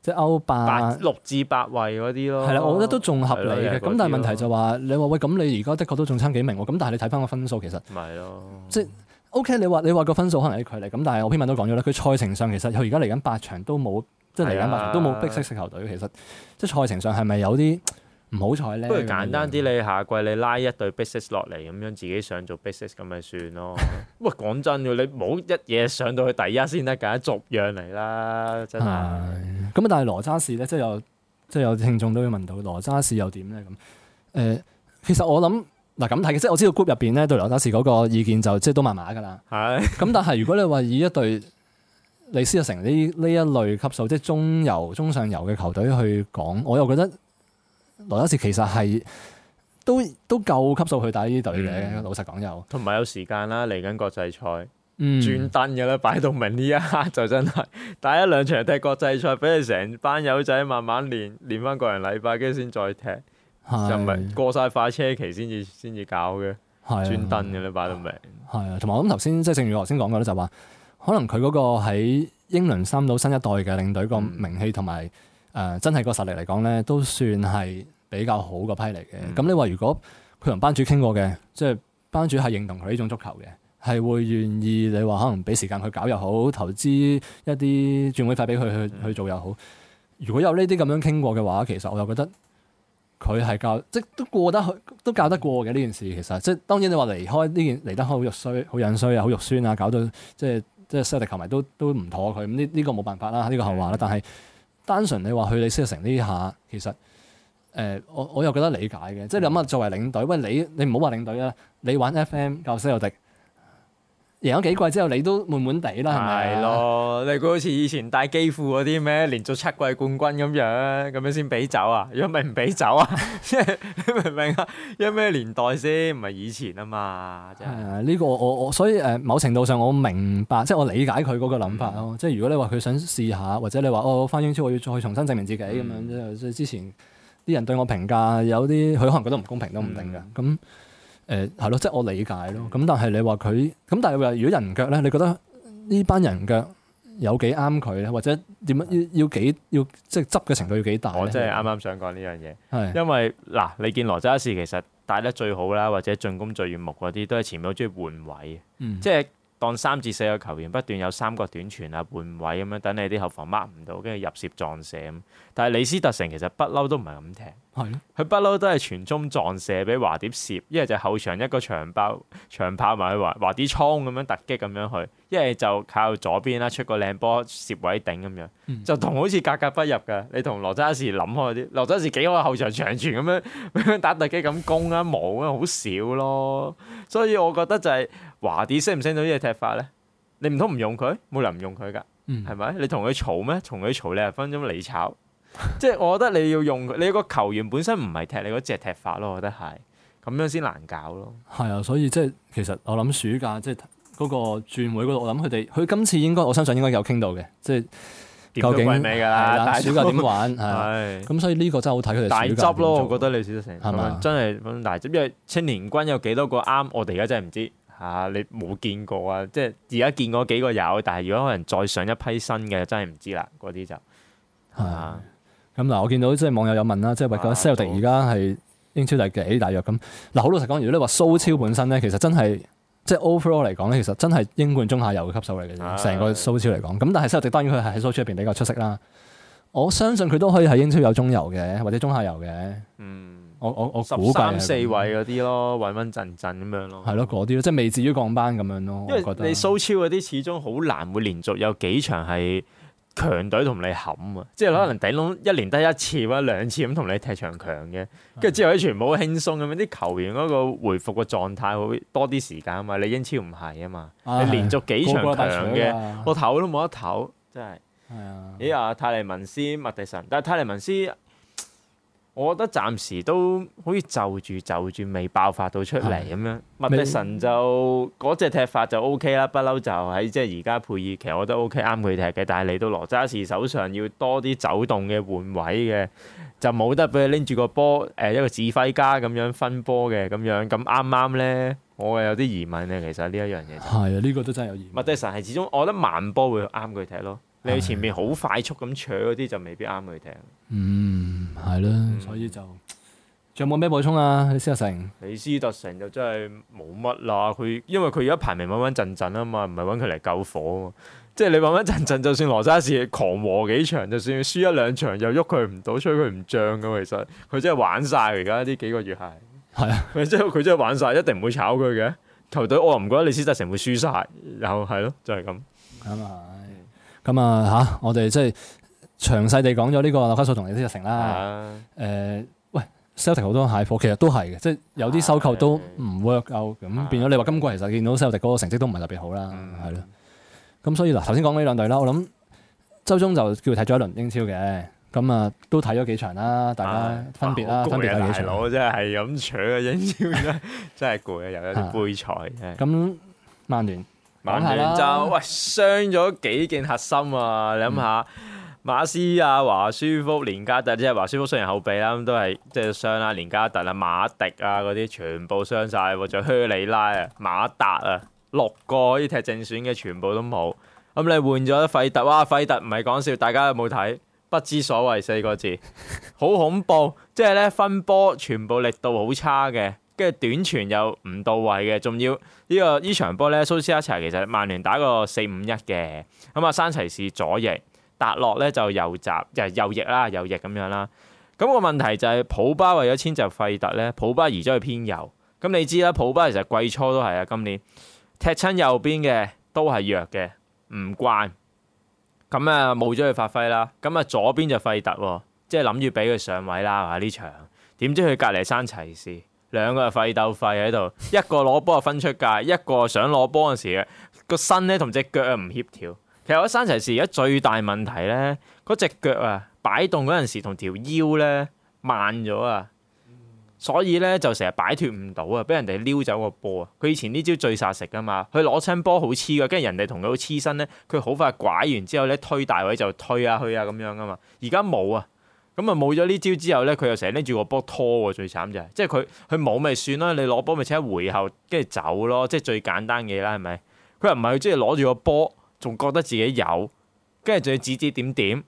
即係歐霸六至八位嗰啲咯，係啦的，哦、我覺得都仲合理嘅。咁的但係問題就話、是，些你話喂，咁你而家的確都仲差幾名喎？咁但係你睇翻個分數，其實係咯，的即係 O.K. 你話你話個分數可能係距離，咁但係我篇文都講咗啦，佢賽程上其實佢而家嚟緊八場都冇，的即係嚟緊八場都冇 Big Six 球隊，其實即係賽程上係咪有啲？唔好彩咧，不，呢不如簡單啲。樣你下季你拉一隊 business 落嚟，咁樣自己上做 business 咁咪算咯。喂，講真嘅，你冇一嘢上到去第一先得㗎，逐樣嚟啦，真係。咁、哎、但係羅渣士咧，即係有，即係有聽眾都會問到羅渣士又點咧咁。誒、呃，其實我諗嗱咁睇嘅，即係我知道 group 入邊咧對羅渣士嗰個意見就即係都麻麻㗎啦。係、哎。咁 但係如果你話以一隊李斯特城呢呢一類級數，即係中游、中上游嘅球隊去講，我又覺得。羅德士其實係都都夠級數去帶呢啲隊嘅，嗯、老實講又。同埋有時間啦，嚟緊國際賽、嗯、專登嘅咧，擺到明呢一刻就真係打一兩場踢國際賽，俾你成班友仔慢慢練練翻個人禮拜，跟住先再踢，是就唔係過晒快車期先至先至搞嘅，係、啊、專登嘅咧，擺到明。係啊，同埋、啊啊、我諗頭先即係正如我頭先講過呢，就話可能佢嗰個喺英倫三島新一代嘅領隊個名氣同埋。誒，真係個實力嚟講咧，都算係比較好個批嚟嘅。咁你話如果佢同班主傾過嘅，即係班主係認同佢呢種足球嘅，係會願意、嗯、你話可能俾時間去搞又好，投資一啲轉會費俾佢去去做又好。嗯、如果有呢啲咁樣傾過嘅話，其實我就覺得佢係教即都過得去，都教得過嘅呢件事。其實即係當然你話離開呢件離得好肉衰、好隱衰啊、好肉酸啊，搞到即係即係失敵球迷都都唔妥佢。咁呢呢個冇辦法啦，呢個後話啦。但係單純你話去李斯特城呢下，其實誒、呃、我我又覺得理解嘅，即、就、係、是、你諗下作為領隊，喂，你你唔好話領隊啦，你玩 FM 夠西有敵。贏咗幾季之後你都悶悶地啦，係咪？係咯，你估好似以前戴基褲嗰啲咩，連續七季冠軍咁樣，咁樣先俾走啊？如果唔係唔俾走啊？因為 明唔明啊？因為咩年代先？唔係以前啊嘛，真係。呢、啊這個我我所以誒，某程度上我明白，即係我理解佢嗰個諗法咯。嗯、即係如果你話佢想試下，或者你話哦，返英超我要再重新證明自己咁、嗯、樣，即係之前啲人對我評價有啲，佢可能覺得唔公平都唔定噶。咁、嗯。誒係咯，即係、嗯就是、我理解咯。咁但係你話佢咁，但係如果人腳咧，你覺得呢班人腳有幾啱佢咧？或者點樣要要幾要即係執嘅程度要幾大咧？我真係啱啱想講呢樣嘢，是因為嗱，你見羅渣士其實帶得最好啦，或者進攻最悅目嗰啲，都係前面好中意換位、嗯、即係。當三至四個球員不斷有三角短傳啊、換位咁樣，等你啲後防 mark 唔到，跟住入攝撞射咁。但係李斯特城其實不嬲的都唔係咁踢，佢不嬲都係傳中撞射俾華迪攝，一係就是後場一個長包長炮埋去華華迪倉咁樣突擊咁樣去，一係就靠左邊啦出個靚波攝位頂咁樣，嗯、就同好似格格不入噶。你同羅渣士諗開啲，羅渣士幾好後場長傳咁樣，樣打突擊咁攻啊，冇啊，好少咯。所以我覺得就係、是。華啲識唔識到呢隻踢法咧？你唔通唔用佢，冇理由唔用佢噶，係咪、嗯？你同佢嘈咩？同佢嘈你係分鐘嚟炒，即係 我覺得你要用你個球員本身唔係踢你嗰隻踢法咯，我覺得係咁樣先難搞咯。係啊，所以即係其實我諗暑假即係嗰個轉會嗰度，我諗佢哋佢今次應該我身上應該有傾到嘅，即係究竟咩、啊、暑假點玩？係咁粥，所以呢個真係好睇佢哋。大執咯，我覺得你小成係嘛？真係大執，因為青年軍有幾多個啱我哋而家真係唔知。啊！你冇見過啊，即係而家見過幾個有，但係如果可能再上一批新嘅，真係唔知啦。嗰啲就係啊。咁嗱，我見到即係網友有問啦，即係話個些路迪而家係英超第幾大約咁。嗱，好、啊、老實講，如果你話蘇超本身咧，其實真係、哦、即係 overall 嚟講咧，其實真係英冠中下游嘅級數嚟嘅啫。成、啊、個蘇超嚟講，咁但係些路迪當然佢係喺蘇超入邊比較出色啦。我相信佢都可以喺英超有中游嘅或者中下游嘅。嗯。我我我十、啊、三四位嗰啲咯，穩穩陣陣咁樣咯，係咯嗰啲咯，即係未至於降班咁樣咯。因為你蘇超嗰啲始終好難會連續有幾場係強隊同你冚啊，是的 即係可能頂籠一年得一次或者兩次咁同你踢場強嘅，跟住是的 之後咧全部好輕鬆咁樣，啲球員嗰個回復嘅狀態會多啲時間啊嘛。你英超唔係啊嘛，唉 你連續幾場強嘅，哎個都啊、我唞都冇得唞，真係。係啊的。咦啊！泰利文斯麥迪神，但係泰利文斯。我覺得暫時都好似就住就住未爆發到出嚟咁樣，麥迪臣就嗰隻踢法就 O K 啦，不嬲就喺、是、即係而家配二，其實我覺得 O K 啱佢踢嘅。但係嚟到羅揸士手上要多啲走動嘅換位嘅，就冇得俾佢拎住個波，誒一個指揮家咁樣分波嘅咁樣，咁啱啱咧？我係有啲疑問咧，其實呢一樣嘢。係啊，呢、這個都真係有疑問。麥迪臣係始終，我覺得慢波會啱佢踢咯。你前面好快速咁搶嗰啲就未必啱佢踢。嗯，係咯，嗯、所以就仲有冇咩補充啊？李斯特城，李斯特城就真係冇乜啦。佢因為佢而家排名穩穩陣陣啊嘛，唔係搵佢嚟救火啊。即係你穩穩陣陣，就算羅沙士狂和幾場，就算輸一兩場又喐佢唔到，所以佢唔漲噶。其實佢真係玩晒而家呢幾個月係。係啊是的， 佢真佢係玩晒，一定唔會炒佢嘅球隊。我又唔覺得李斯特城會輸晒，又係咯，就係、是、咁。咁啊。咁啊吓，我哋即係詳細地講咗呢個紐卡素同李思成啦。誒、啊呃，喂 Celtic 好多蟹貨，其實都係嘅，即係有啲收購都唔 work out、啊。咁變咗你話今季其實見到 Celtic 嗰個成績都唔係特別好啦，係咯。咁所以嗱，頭先講呢兩隊啦，我諗周中就叫睇咗一輪英超嘅，咁啊都睇咗幾場啦，大家分別啦，啊、分別有幾場。老即係咁搶啊英超真真係攰啊，又有啲杯賽咁曼聯。曼聯就喂傷咗幾件核心啊！你諗下，馬斯啊、華舒福、連加特，即係華舒福雖然後備啦，咁都係即係傷啦，連加特啊、馬迪啊嗰啲全部傷晒，仲有靴里拉啊、馬達啊，六個可以踢正選嘅全部都冇。咁你換咗費特，哇、啊！費特唔係講笑，大家有冇睇？不知所謂四個字，好恐怖。即係咧分波，全部力度好差嘅。跟住短傳又唔到位嘅，仲要呢、這個呢場波呢，蘇斯一齊其實曼聯打個四五一嘅，咁、嗯、啊，山齊士左翼，達洛呢，就右閘，就右翼啦，右翼咁樣啦。咁、那個問題就係、是、普巴為咗遷就費特呢，普巴移咗去偏右。咁你知啦，普巴其實季初都係啊，今年踢親右邊嘅都係弱嘅，唔慣。咁、嗯、啊，冇咗佢發揮啦。咁、嗯、啊，左邊就費特喎，即係諗住俾佢上位啦。呢場點知佢隔離山齊士？兩個係，廢鬥廢喺度，一個攞波啊分出界，一個想攞波嗰陣時個身咧同隻腳啊唔協調。其實我覺得山齊士而家最大問題咧，嗰隻腳啊擺動嗰陣時同條腰咧慢咗啊，所以咧就成日擺脫唔到啊，俾人哋撩走個波啊。佢以前呢招最殺食噶嘛，佢攞親波好黐㗎，跟住人哋同佢好黐身咧，佢好快拐完之後咧推大位就推啊去啊咁樣噶嘛，而家冇啊。咁啊冇咗呢招之後咧，佢又成日拎住個波拖喎，最慘就係，即係佢佢冇咪算啦，你攞波咪喺回後跟住走咯，即係最簡單嘅嘢啦，係咪？佢又唔係佢中意攞住個波，仲覺得自己有，跟住仲要指指點點，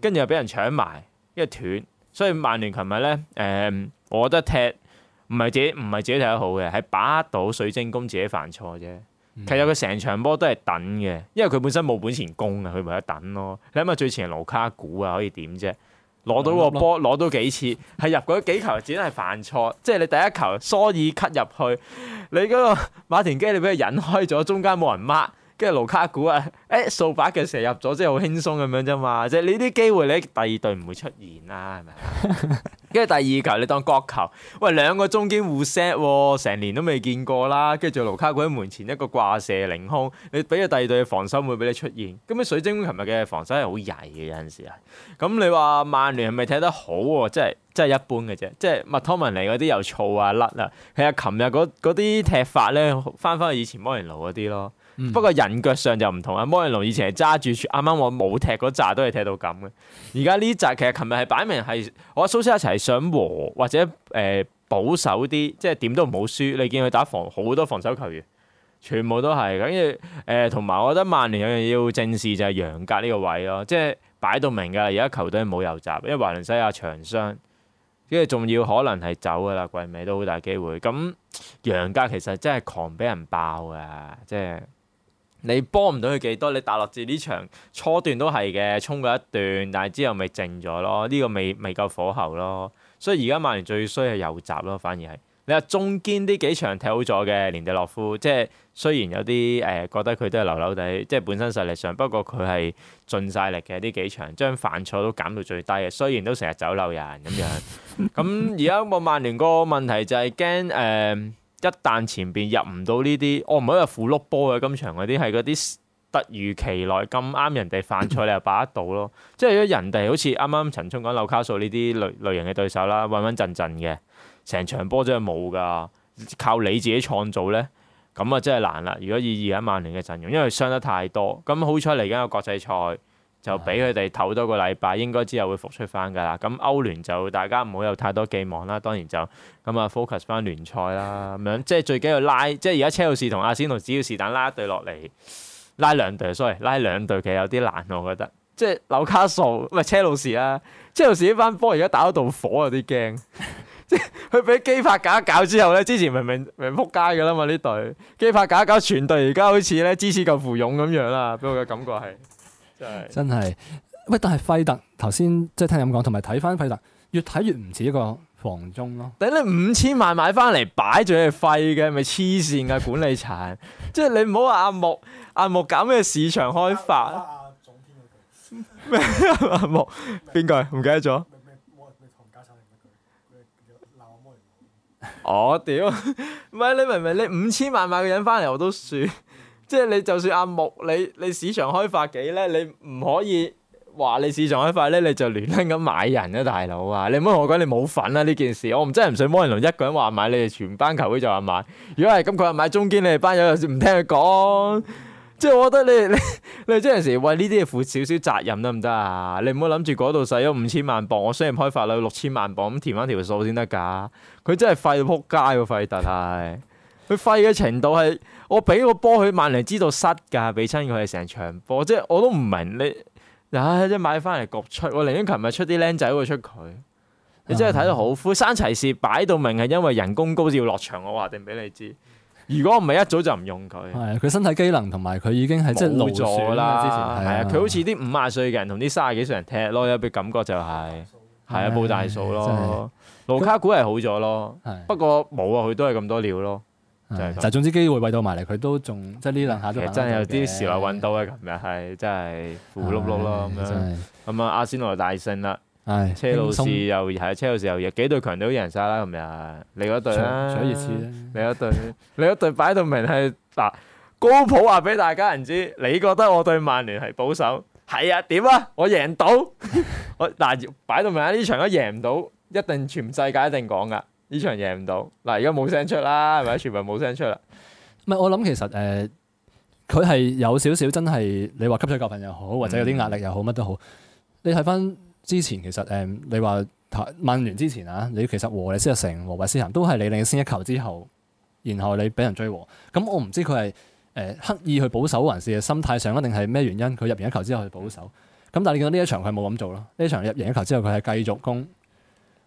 跟住又俾人搶埋，跟住斷，所以曼聯琴日咧，誒、嗯，我覺得踢唔係自己唔係自己踢得好嘅，係把握到水晶宮自己犯錯啫。其實佢成場波都係等嘅，因為佢本身冇本錢攻啊，佢咪得等咯。你諗下最前盧卡古啊，可以點啫？攞到個波，攞到幾次，係入嗰幾球只係犯錯，即係你第一球蘇爾 cut 入去，你嗰個馬田基你俾佢引開咗，中間冇人 mark，跟住盧卡古啊，誒掃把嘅射入咗，即係好輕鬆咁樣啫嘛，即係呢啲機會你第二隊唔會出現啦，係咪？ 跟住第二球你當角球，喂兩個中堅互 set，成年都未見過啦。跟住做盧卡古喺門前一個掛射凌空，你俾佢第二隊嘅防守會俾你出現。咁啲水晶琴日嘅防守係好曳嘅有陣時啊。咁你話曼聯係咪踢得好？即係即係一般嘅啫。即係麥湯文尼嗰啲又燥啊甩啊。其實琴日嗰啲踢法咧，翻翻去以前摩連奴嗰啲咯。嗯、不過人腳上就唔同啊。摩連奴以前係揸住，啱啱我冇踢嗰扎都係踢到咁嘅。而家呢紮其實琴日係擺明係我蘇斯一齊。想和或者誒、呃、保守啲，即係點都唔好輸。你見佢打防好多防守球員，全部都係咁。跟住誒，同、呃、埋我覺得曼聯有樣嘢要正視就係楊格呢個位咯，即係擺到明㗎。而家球隊冇右閘，因為華倫西亞長傷。跟住仲要可能係走㗎啦。季尾都好大機會。咁楊格其實真係狂俾人爆㗎，即係。你幫唔到佢幾多？你大落字呢場初段都係嘅，衝咗一段，但係之後咪靜咗咯？呢、這個未未夠火候咯。所以而家曼聯最衰係右閘咯，反而係你話中堅呢幾場踢好咗嘅，連地洛夫即係雖然有啲誒、呃、覺得佢都係流流地，即係本身實力上不過佢係盡晒力嘅呢幾場，將犯錯都減到最低嘅。雖然都成日走漏人咁樣，咁而家我曼聯個問題就係驚誒。呃一旦前邊入唔到呢啲，我唔可以話負碌波嘅今場嗰啲，係嗰啲突如其來咁啱人哋犯錯，你 又把握到咯。即係如果人哋好似啱啱陳聰講紐卡素呢啲類類型嘅對手啦，穩穩陣陣嘅，成場波真係冇㗎，靠你自己創造咧，咁啊真係難啦。如果以而家曼聯嘅陣容，因為傷得太多，咁好彩嚟緊有國際賽。就俾佢哋唞多個禮拜，應該之後會復出翻㗎啦。咁歐聯就大家唔好有太多寄望啦。當然就咁啊，focus 翻聯賽啦。咁樣即係最緊要拉，即係而家車路士同阿仙奴，只要是但拉一隊落嚟，拉兩隊 sorry，拉兩隊其實有啲難，我覺得。即係紐卡素唔係車路士啦、啊，車路士呢班波而家打到度火有啲驚。即係佢俾基帕搞一搞之後咧，之前明明明撲街㗎啦嘛呢隊，基帕搞一搞全隊，而家好似咧支持嚿腐勇咁樣啦，俾我嘅感覺係。 真係，喂！但係費特頭先即係聽你咁講，同埋睇翻費特，越睇越唔似一個房中咯。等你五千萬買翻嚟擺住你係廢嘅，咪黐綫嘅管理層？即係你唔好話阿木，阿木搞咩市場開發？咩、啊啊、阿木？邊個明？唔記得咗？我屌，唔係、 哦、行 zo 你，你明唔明，明，明？你五千萬買個人翻嚟我都算，我都算。即係你就算阿木，你你市場開發幾咧？你唔可以話你市場開發咧，你就亂拎咁買人啊，大佬啊！你唔好同我講你冇份啊，呢件事。我唔真係唔信摩人龍一個人話買，你哋全班球會就話買。如果係咁，佢話買中堅，你哋班友有時唔聽佢講。即係我覺得你你你有陣時為呢啲嘢負少少責任得唔得啊？你唔好諗住嗰度使咗五千萬磅，我雖然開發咗六千萬磅，咁填翻條數先得㗎、啊。佢真係廢到仆街喎，廢得滯。佢廢嘅程度係，我俾個波佢萬零知道失㗎，俾親佢係成場波，即係我都唔明你，唉！即係買翻嚟焗出，我寧願琴日出啲僆仔會出佢，你真係睇到好灰。山齊士擺到明係因為人工高照落場，我話定俾你知。如果唔係一早就唔用佢。佢身體機能同埋佢已經係即係老咗啦，係啊！佢好似啲五廿歲嘅人同啲三十幾歲人踢咯，有冇感覺？就係係啊，冇大數咯。盧卡古係好咗咯，不過冇啊，佢都係咁多料咯。就就總之機會餵到埋嚟，佢都仲即係呢兩下都真係有啲時來運到啊！琴日係真係糊碌碌啦咁樣，咁啊是阿仙奴大勝啦，係、哎、車路士又係車路士又幾隊強隊都贏晒啦，琴日你嗰隊 啊？你嗰隊你嗰隊擺到明係嗱，高普話俾大家人知，你覺得我對曼聯係保守？係啊？點啊？我贏到我嗱，擺到明啊！呢 場都贏唔到，一定，一定全世界一定講噶。呢場贏唔到，嗱而家冇聲出啦，係咪？全部冇聲出啦。唔係，我諗其實誒，佢、呃、係有少少真係你話吸取教訓又好，或者有啲壓力又好，乜都好。你睇翻之前其實誒、呃，你話曼聯之前啊，你其實和李斯特城和韋斯咸都係你領先一球之後，然後你俾人追和。咁我唔知佢係誒刻意去保守，還是心態上一定係咩原因？佢入完一球之後去保守。咁但係你見到呢一場佢冇咁做咯。呢場你入完一球之後佢係繼續攻。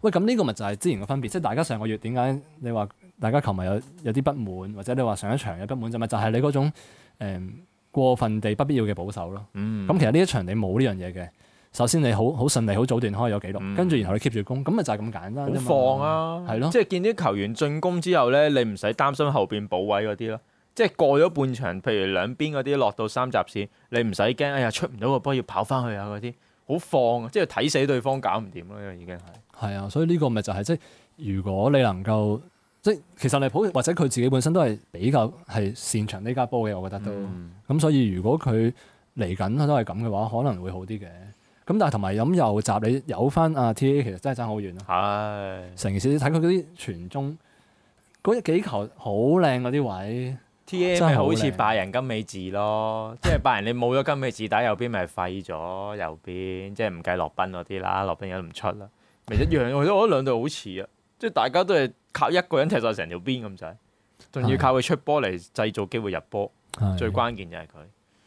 喂，咁呢個咪就係之前嘅分別，即係大家上個月點解你話大家球迷有有啲不滿，或者你話上一場有不滿，就咪就係你嗰種誒、呃、過分地不必要嘅保守咯。嗯，咁其實呢一場你冇呢樣嘢嘅，首先你好好順利好早段開咗紀錄，嗯、跟住然後你 keep 住攻，咁咪就係咁簡單。好放啊，係咯，即係見啲球員進攻之後咧，你唔使擔心後邊補位嗰啲咯。即係過咗半場，譬如兩邊嗰啲落到三集線，你唔使驚，哎呀，出唔到個波要跑翻去啊嗰啲。好放啊！即係睇死對方搞唔掂咯，因為已經係係啊，所以呢個咪就係、是、即係如果你能夠即係其實利普或者佢自己本身都係比較係擅長呢家波嘅，我覺得都咁、嗯、所以如果佢嚟緊都係咁嘅話，可能會好啲嘅。咁但係同埋咁有閘你有翻阿 T A，其實真係爭好遠咯。係成是的 件事你睇佢嗰啲傳中嗰幾球好靚嗰啲位，T.M. 真係好似拜仁金美治咯，即係 拜仁你冇咗金美治，打右邊咪廢咗右邊，即係唔計落賓嗰啲啦，落賓又唔出啦，咪一樣，我覺得兩隊好似啊，即係大家都係靠一個人踢晒成條邊咁滯，仲要靠佢出波嚟製造機會入波，是最關鍵就係佢。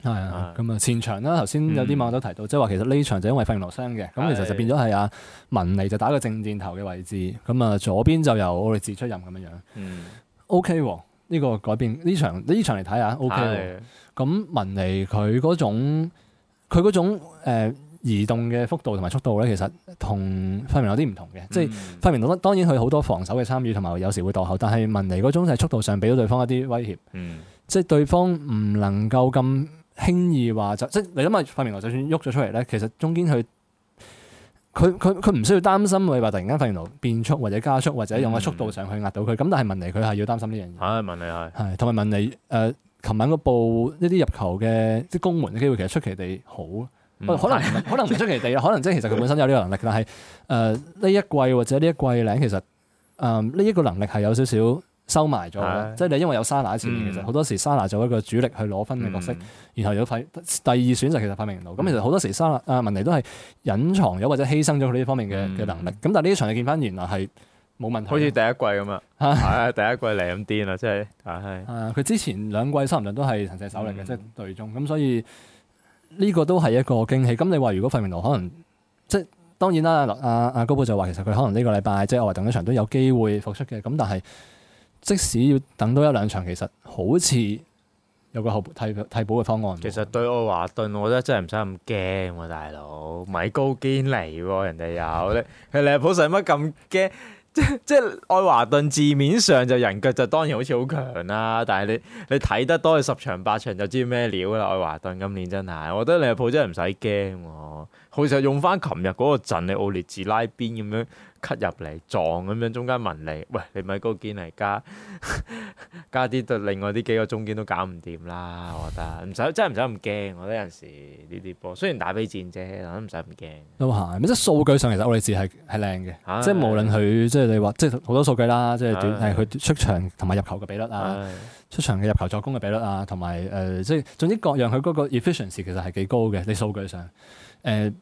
係啊，咁啊、啊、嗯、前場啦，頭先有啲網友都提到，即係話其實呢場就因為費倫羅受傷嘅，咁耶其實就變咗係阿文尼就打個正箭頭嘅位置，咁啊左邊就由奧利茲出任咁樣樣。啊啊、嗯。O.K.、哦呢個改變呢場呢場嚟睇下 OK，咁文尼佢嗰種佢嗰種、呃、移動嘅幅度同埋速度咧，其實同發、嗯、明有啲唔同嘅，即係發明當然佢好多防守嘅參與，同埋有時會墮後，但係文尼嗰種就係速度上俾到對方一啲威脅，嗯、即係對方唔能夠咁輕易話就即係你諗下發明就算喐咗出嚟咧，其實中間佢。佢佢佢唔需要擔心，你話突然間發現變速或者加速或者用個速度上去壓到佢，咁但係問嚟佢係要擔心呢樣嘢。唉，問嚟係係同埋問你，誒、呃，琴晚嗰部一啲入球嘅啲攻門嘅機會，其實出奇地好。嗯、可能 可能唔出奇地，可能即係其實佢本身有呢個能力，但係誒呢一季或者呢一季咧，其實誒呢一個能力係有少少。收埋咗，即係你，因為有沙拿喺前面，嗯、其實好多時沙拿做一個主力去攞分嘅角色，然後有第二選擇，其實派明奴。咁其實好多時沙拿啊，問題都係隱藏咗或者犧牲咗佢呢方面嘅嘅能力。咁但係呢場，你見翻原來係冇問題。好似第一季咁 啊，第一季嚟，咁癲啊，即係佢之前兩季三場都係神射手嚟嘅，即係隊中。咁所以呢個都係一個驚喜。咁你話如果派明奴可能即係當然啦，阿阿高波就話其實佢可能呢個禮拜即係我話等咗場都有機會復出嘅。咁但係即使要等多一兩場，其實好似有個後補替替補嘅方案。其實對愛華頓，我覺得真係唔使咁驚喎，大佬米高堅尼喎，人哋有你，你阿 普使乜咁驚？即 即愛華頓字面上就人腳就當然好似好強啦，啊，但係你你睇得多你十場八場就知咩料啦。愛華頓今年真係，我覺得你阿普真係唔使驚喎。好似用翻琴日嗰個陣你奧利治拉邊咁樣。cut 入嚟撞咁樣，中間聞你，喂，你咪高堅嚟加加啲，對另外啲幾個中堅都搞唔掂啦，我覺得唔使真係唔使咁驚，我覺得有時呢啲波雖然打比戰啫，但都唔使咁驚。都係，即係數據上其實奧利斯係係靚嘅，即係無論佢即係你話即係好多數據啦，即係係佢出場同埋入球嘅比率啊，的出場嘅入球助攻嘅比率啊，同埋誒即係總之各樣佢嗰個 efficiency 其實係幾高嘅，你數據上誒呢、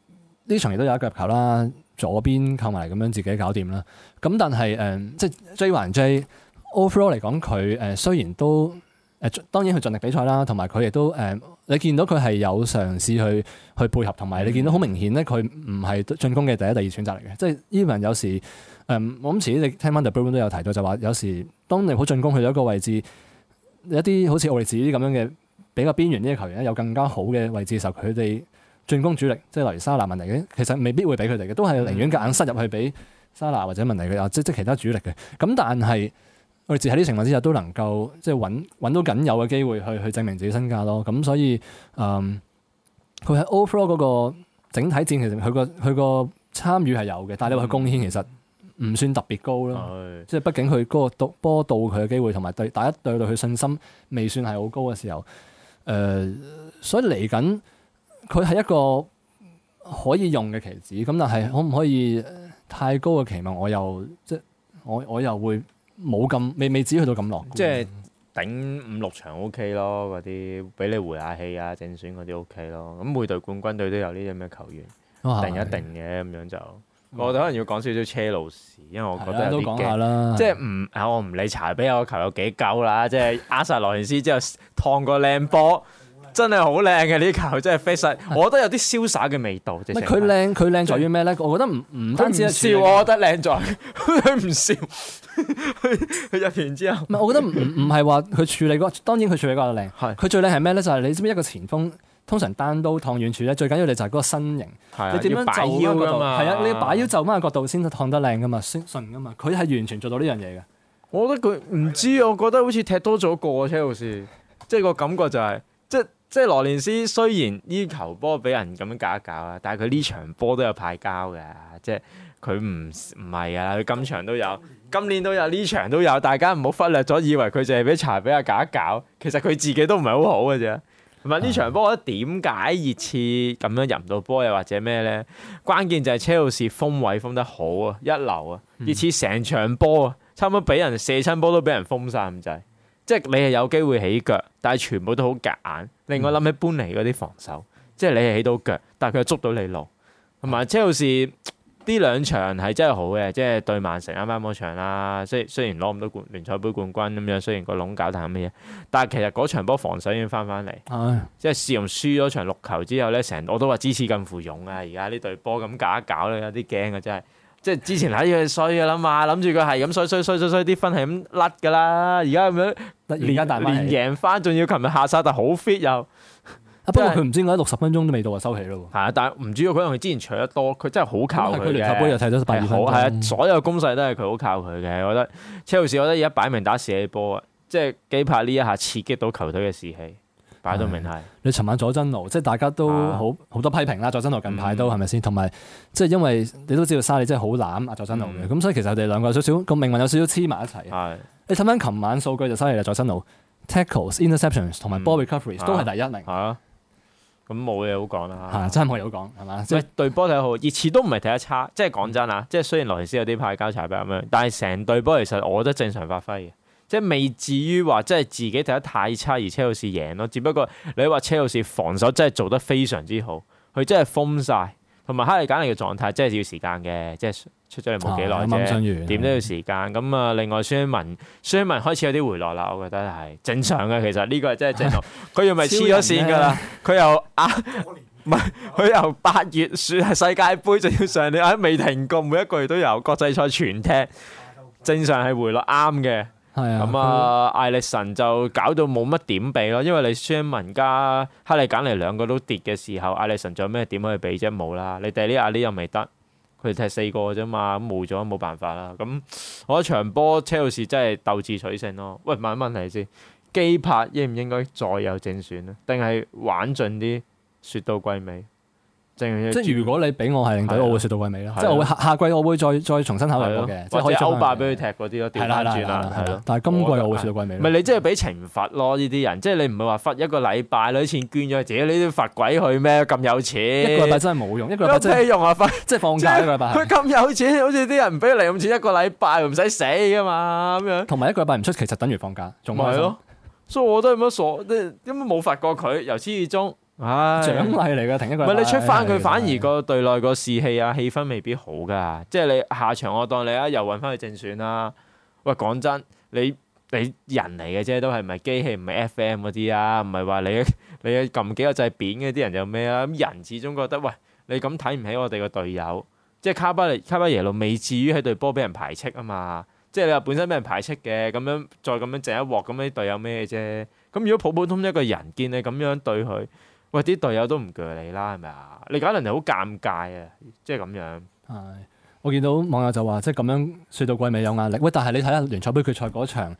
呃、場亦都有一個入球啦。左邊扣埋嚟咁樣自己搞掂啦。咁但係誒、呃，即係 J 還 J，Offload 嚟講，佢、呃、誒雖然都誒、呃、當然佢盡力比賽啦，同埋佢亦都誒、呃，你見到佢係有嘗試去去配合，同埋你見到好明顯咧，佢唔係進攻嘅第一、第二選擇嚟嘅。即係 even 有時誒、呃，我諗前幾日聽 The Blue Moon 都有提到，就話有時當你好進攻去咗一個位置，有一啲好似奧利治啲咁樣嘅比較邊緣啲嘅球員咧，有更加好嘅位置嘅時候，佢哋，進攻主力，即係例如沙拿文尼嘅，其實未必會俾佢哋嘅，都係寧願夾硬塞入去俾沙拿或者文尼嘅，即係即其他主力嘅。咁但係我哋自喺啲情況之下，都能夠即係揾揾到僅有嘅機會去去證明自己身價咯。咁所以，嗯，佢喺 OPL 嗰個整體戰其實佢個佢個參與係有嘅，但係你話佢貢獻其實唔算特別高咯。嗯、即係畢竟佢嗰、嗰個波到佢嘅機會，同埋對大家對對佢信心未算係好高嘅時候。誒、呃，所以嚟緊。佢係一個可以用嘅棋子，咁但係可唔可以太高嘅期望？我又即我我又會冇咁未未至於去到咁落，即係頂五六場 OK 咯。嗰啲俾你回下氣啊，正選嗰啲 OK 咯。咁每隊冠軍隊都有呢啲咩球員、啊、是是定一定嘅咁樣就，的我哋可能要講少少車路士，因為我覺得都講下啦。即係唔我唔理查比亞個球有幾鳩啦！即係阿薩羅連斯之後燙個靚波。 真係好靚嘅是呢球，真係飛曬。我覺得有啲瀟灑嘅味道。佢靚，佢靚在於咩咧？我覺得唔唔單止係笑，我覺得靚在佢唔笑。佢入完之後，我覺得唔唔係話佢處理嗰，當然佢處理得靚。佢最靚係咩咧？就係、是、你知唔知一個前鋒通常單刀趟遠處咧，最緊要你就係嗰個身形。你啊，要擺腰嘅嘛。係啊，啊，你要擺腰就踎個角度先至趟得靚嘅嘛，順順嘅嘛。佢係完全做到呢樣嘢嘅。我覺得佢唔知，我覺得好似踢多咗個車路士，即、就、係、是、個感覺就係、是、即。即係羅連斯，雖然呢球波俾人咁樣搞一搞啊，但係佢呢場波都有派膠㗎，即係佢唔唔係啊，佢今場都有，今年都有，呢場都有，大家唔好忽略咗，以為佢淨係俾柴比亞搞一搞，其實佢自己都唔係好好嘅啫。同埋呢場波，我覺得點解熱刺咁樣入唔到波，又或者咩咧？關鍵就係車路士封位封得好啊，一流啊，熱刺成場波啊，差唔多俾人射親波都俾人封晒咁滯。即係你係有機會起腳，但係全部都好夾硬。令我諗起搬嚟嗰啲防守，即係你係起到腳，但係佢又捉到你路。同埋即係好似呢兩場係真係好嘅，即係對曼城啱啱場啦。雖雖然攞唔到冠聯賽杯冠軍咁樣，雖然個籠搞，但係咩嘢？但係其實嗰場波防守已經翻返嚟。哎、即係試用輸咗場六球之後呢，成我都話支持近乎勇啊！而家呢隊波咁搞一搞咧，有啲驚啊！真係。即係之前喺佢衰嘅啦嘛，諗住佢係咁衰衰衰衰衰，啲分係咁甩噶啦。而家咁樣連贏翻，仲要琴日下殺得好 fit 又。嗯、的不過佢唔知點解六十分鐘都未到啊，收起咯。係啊，但係唔主要佢因佢之前除得多，佢真係好靠佢嘅。佢連球波又踢咗八二分，係啊，所有攻勢都係佢好靠佢嘅。我覺得車路士，我覺得而家擺明打士氣波啊，即係幾怕呢一下刺激到球隊嘅士氣。擺到明係， 你尋晚佐真奴，即係大家都好好、啊、多批評啦。佐真奴近排都係咪先？同埋即係因為你都知道沙里真係好攬啊。佐真奴嘅，咁所以其實我哋兩個有少少個命運有少少黐埋一齊。係你睇翻琴晚數據就犀利啦，佐真奴 tackles interceptions 同埋 ball recoveries、嗯、都係第一名。係啊，咁冇嘢好講啦， 真係冇嘢好講，係嘛？即係對波睇好，熱刺都唔係睇得差。即係講真啊，即係雖然羅伊斯有啲派交叉筆咁樣，但係成隊波其實我覺得正常發揮嘅。即係未至於話，即係自己踢得太差而車路士贏咯。只不過你話車路士防守真係做得非常之好，佢真係封晒，同埋哈利簡尼嘅狀態真係要時間嘅，即係出咗嚟冇幾耐啫，點都要時間。咁啊，另外孫文，孫文開始有啲回落啦，我覺得係正常嘅。其實呢個係真係正常。佢又咪黐咗線噶啦？佢又啊唔係，佢由八月算係世界盃就要上嚟啊，未停過，每一個月都有國際賽全踢，正常係回落啱嘅。係、嗯、啊，咁啊艾力神就搞到冇乜點比咯，因為你斯文加克利簡尼兩個都跌嘅時候，艾力神仲有咩點可以比啫？冇啦，你迪利阿呢又未得，佢、啊、踢四個啫嘛，咁冇咗冇辦法啦。咁、啊、我嗰場波車路士真係鬥智取勝咯。喂，問問題先，基帕應唔應該再有正選咧？定係玩盡啲雪到季尾？即係如果你俾我係領隊，我會雪到鬼尾啦。即係我會下季，我會再再重新考慮過嘅。即係可以歐霸俾佢踢嗰啲咯。係啦係啦係啦。但係今季我會雪到鬼尾。唔係你即係俾懲罰咯？呢啲人即係你唔係話罰一個禮拜你啲錢捐咗，自己你都罰鬼佢咩？咁有錢一個禮拜真係冇用，一個禮拜真係用啊！罰即係放假一個禮拜。佢咁有錢，好似啲人唔俾你咁錢一個禮拜，唔使死噶嘛咁樣。同埋一個禮拜唔出，其實等於放假，仲係咯。所以我都咁樣傻，根本冇罰過佢，由始至終。獎勵嚟噶，停一個。喂，你出翻佢，反而個隊內個士氣啊氣氛未必好噶。即係你下場，我當你啊又揾翻佢正選啦。喂，講真，你你人嚟嘅啫，都係唔係機器，唔係 F.M. 嗰啲啊，唔係話你你撳幾個掣扁嘅啲人就咩啊？咁人始終覺得喂，你咁睇唔起我哋個隊友，即係卡巴利卡巴耶路未至於喺隊波俾人排斥啊嘛。即係你話本身俾人排斥嘅，咁樣再咁樣整一鑊，咁啲隊友咩啫？咁如果普普通通一個人見你咁樣對佢。喂，啲隊友都唔鋸你啦，係咪啊？你搞人哋好尷尬啊，即係咁樣。係、哎，我見到網友就話，即係咁樣說到季尾有壓力。喂，但係你睇下聯賽杯決賽嗰場嗰、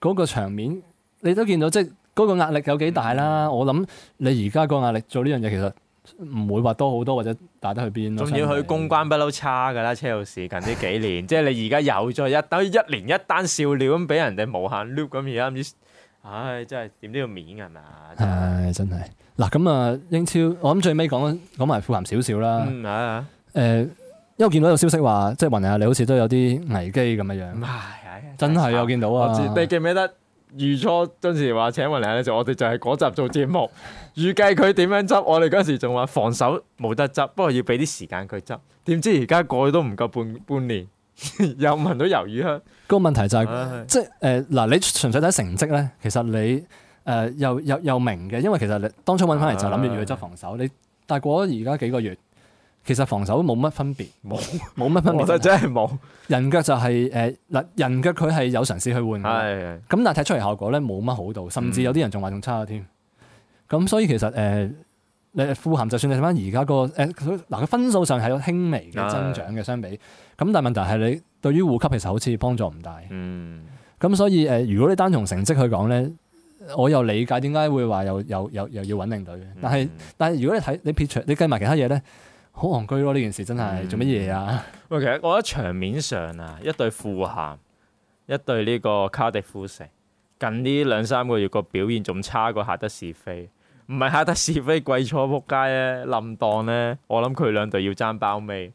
嗰個場面，你都見到即係嗰個壓力有幾大啦、啊。我諗你而家個壓力做呢樣嘢其實唔會話多好多，或者大得去邊咯。仲要去公關不嬲差㗎啦， 車路士近呢幾年，即係你而家有咗一等一年一單笑料咁俾人哋無限 loop 咁而家唔知，唉、哎，真係點都要面㗎係咪啊？唉、哎，真係。就是 嗱咁啊，英超我諗最尾講講埋富咸少少啦。嗯，誒、啊呃，因為見到有消息話，即係雲啊，你好似都有啲危機咁嘅樣。唔係，真係我見到啊。你記唔記得預錯嗰陣時話請雲啊，咧就我哋就係嗰集做節目，預計佢點樣執，我哋嗰陣時仲話防守冇得執，不過要俾啲時間佢執。點知而家過去都唔夠半半年， 又聞到魷魚香。個問題就係、是啊、即係誒嗱，你純粹睇成績咧，其實你。誒、呃、又又又明嘅，因為其實你當初揾翻嚟就諗住要去執防守，的你但係過咗而家幾個月，其實防守冇乜分別，冇冇乜分別，哦、真係冇人腳就係誒嗱人腳佢係有嘗試去換咁，的但係踢出嚟效果咧，冇乜好到，甚至有啲人仲話仲差添。咁、嗯、所以其實誒誒富咸就算睇翻而家個誒嗱佢分數上係有輕微嘅增長嘅相比，咁的但係問題係你對於護級其實好似幫助唔大，嗯，咁、嗯、所以誒如果你單從成績去講咧。我又理解點解會話又又又又要穩定隊嘅，但係、嗯、但係如果你睇你撇除，你計埋、er, 其他嘢咧，好戇居咯呢件事真係做乜嘢啊？喂、嗯，其實、啊 okay, 我覺得場面上啊，一隊富咸，一隊呢個卡迪夫城，近呢兩三個月個表現仲差過夏德士菲，唔係夏德士菲季初仆街咧，冧檔咧，我諗佢兩隊要爭包尾，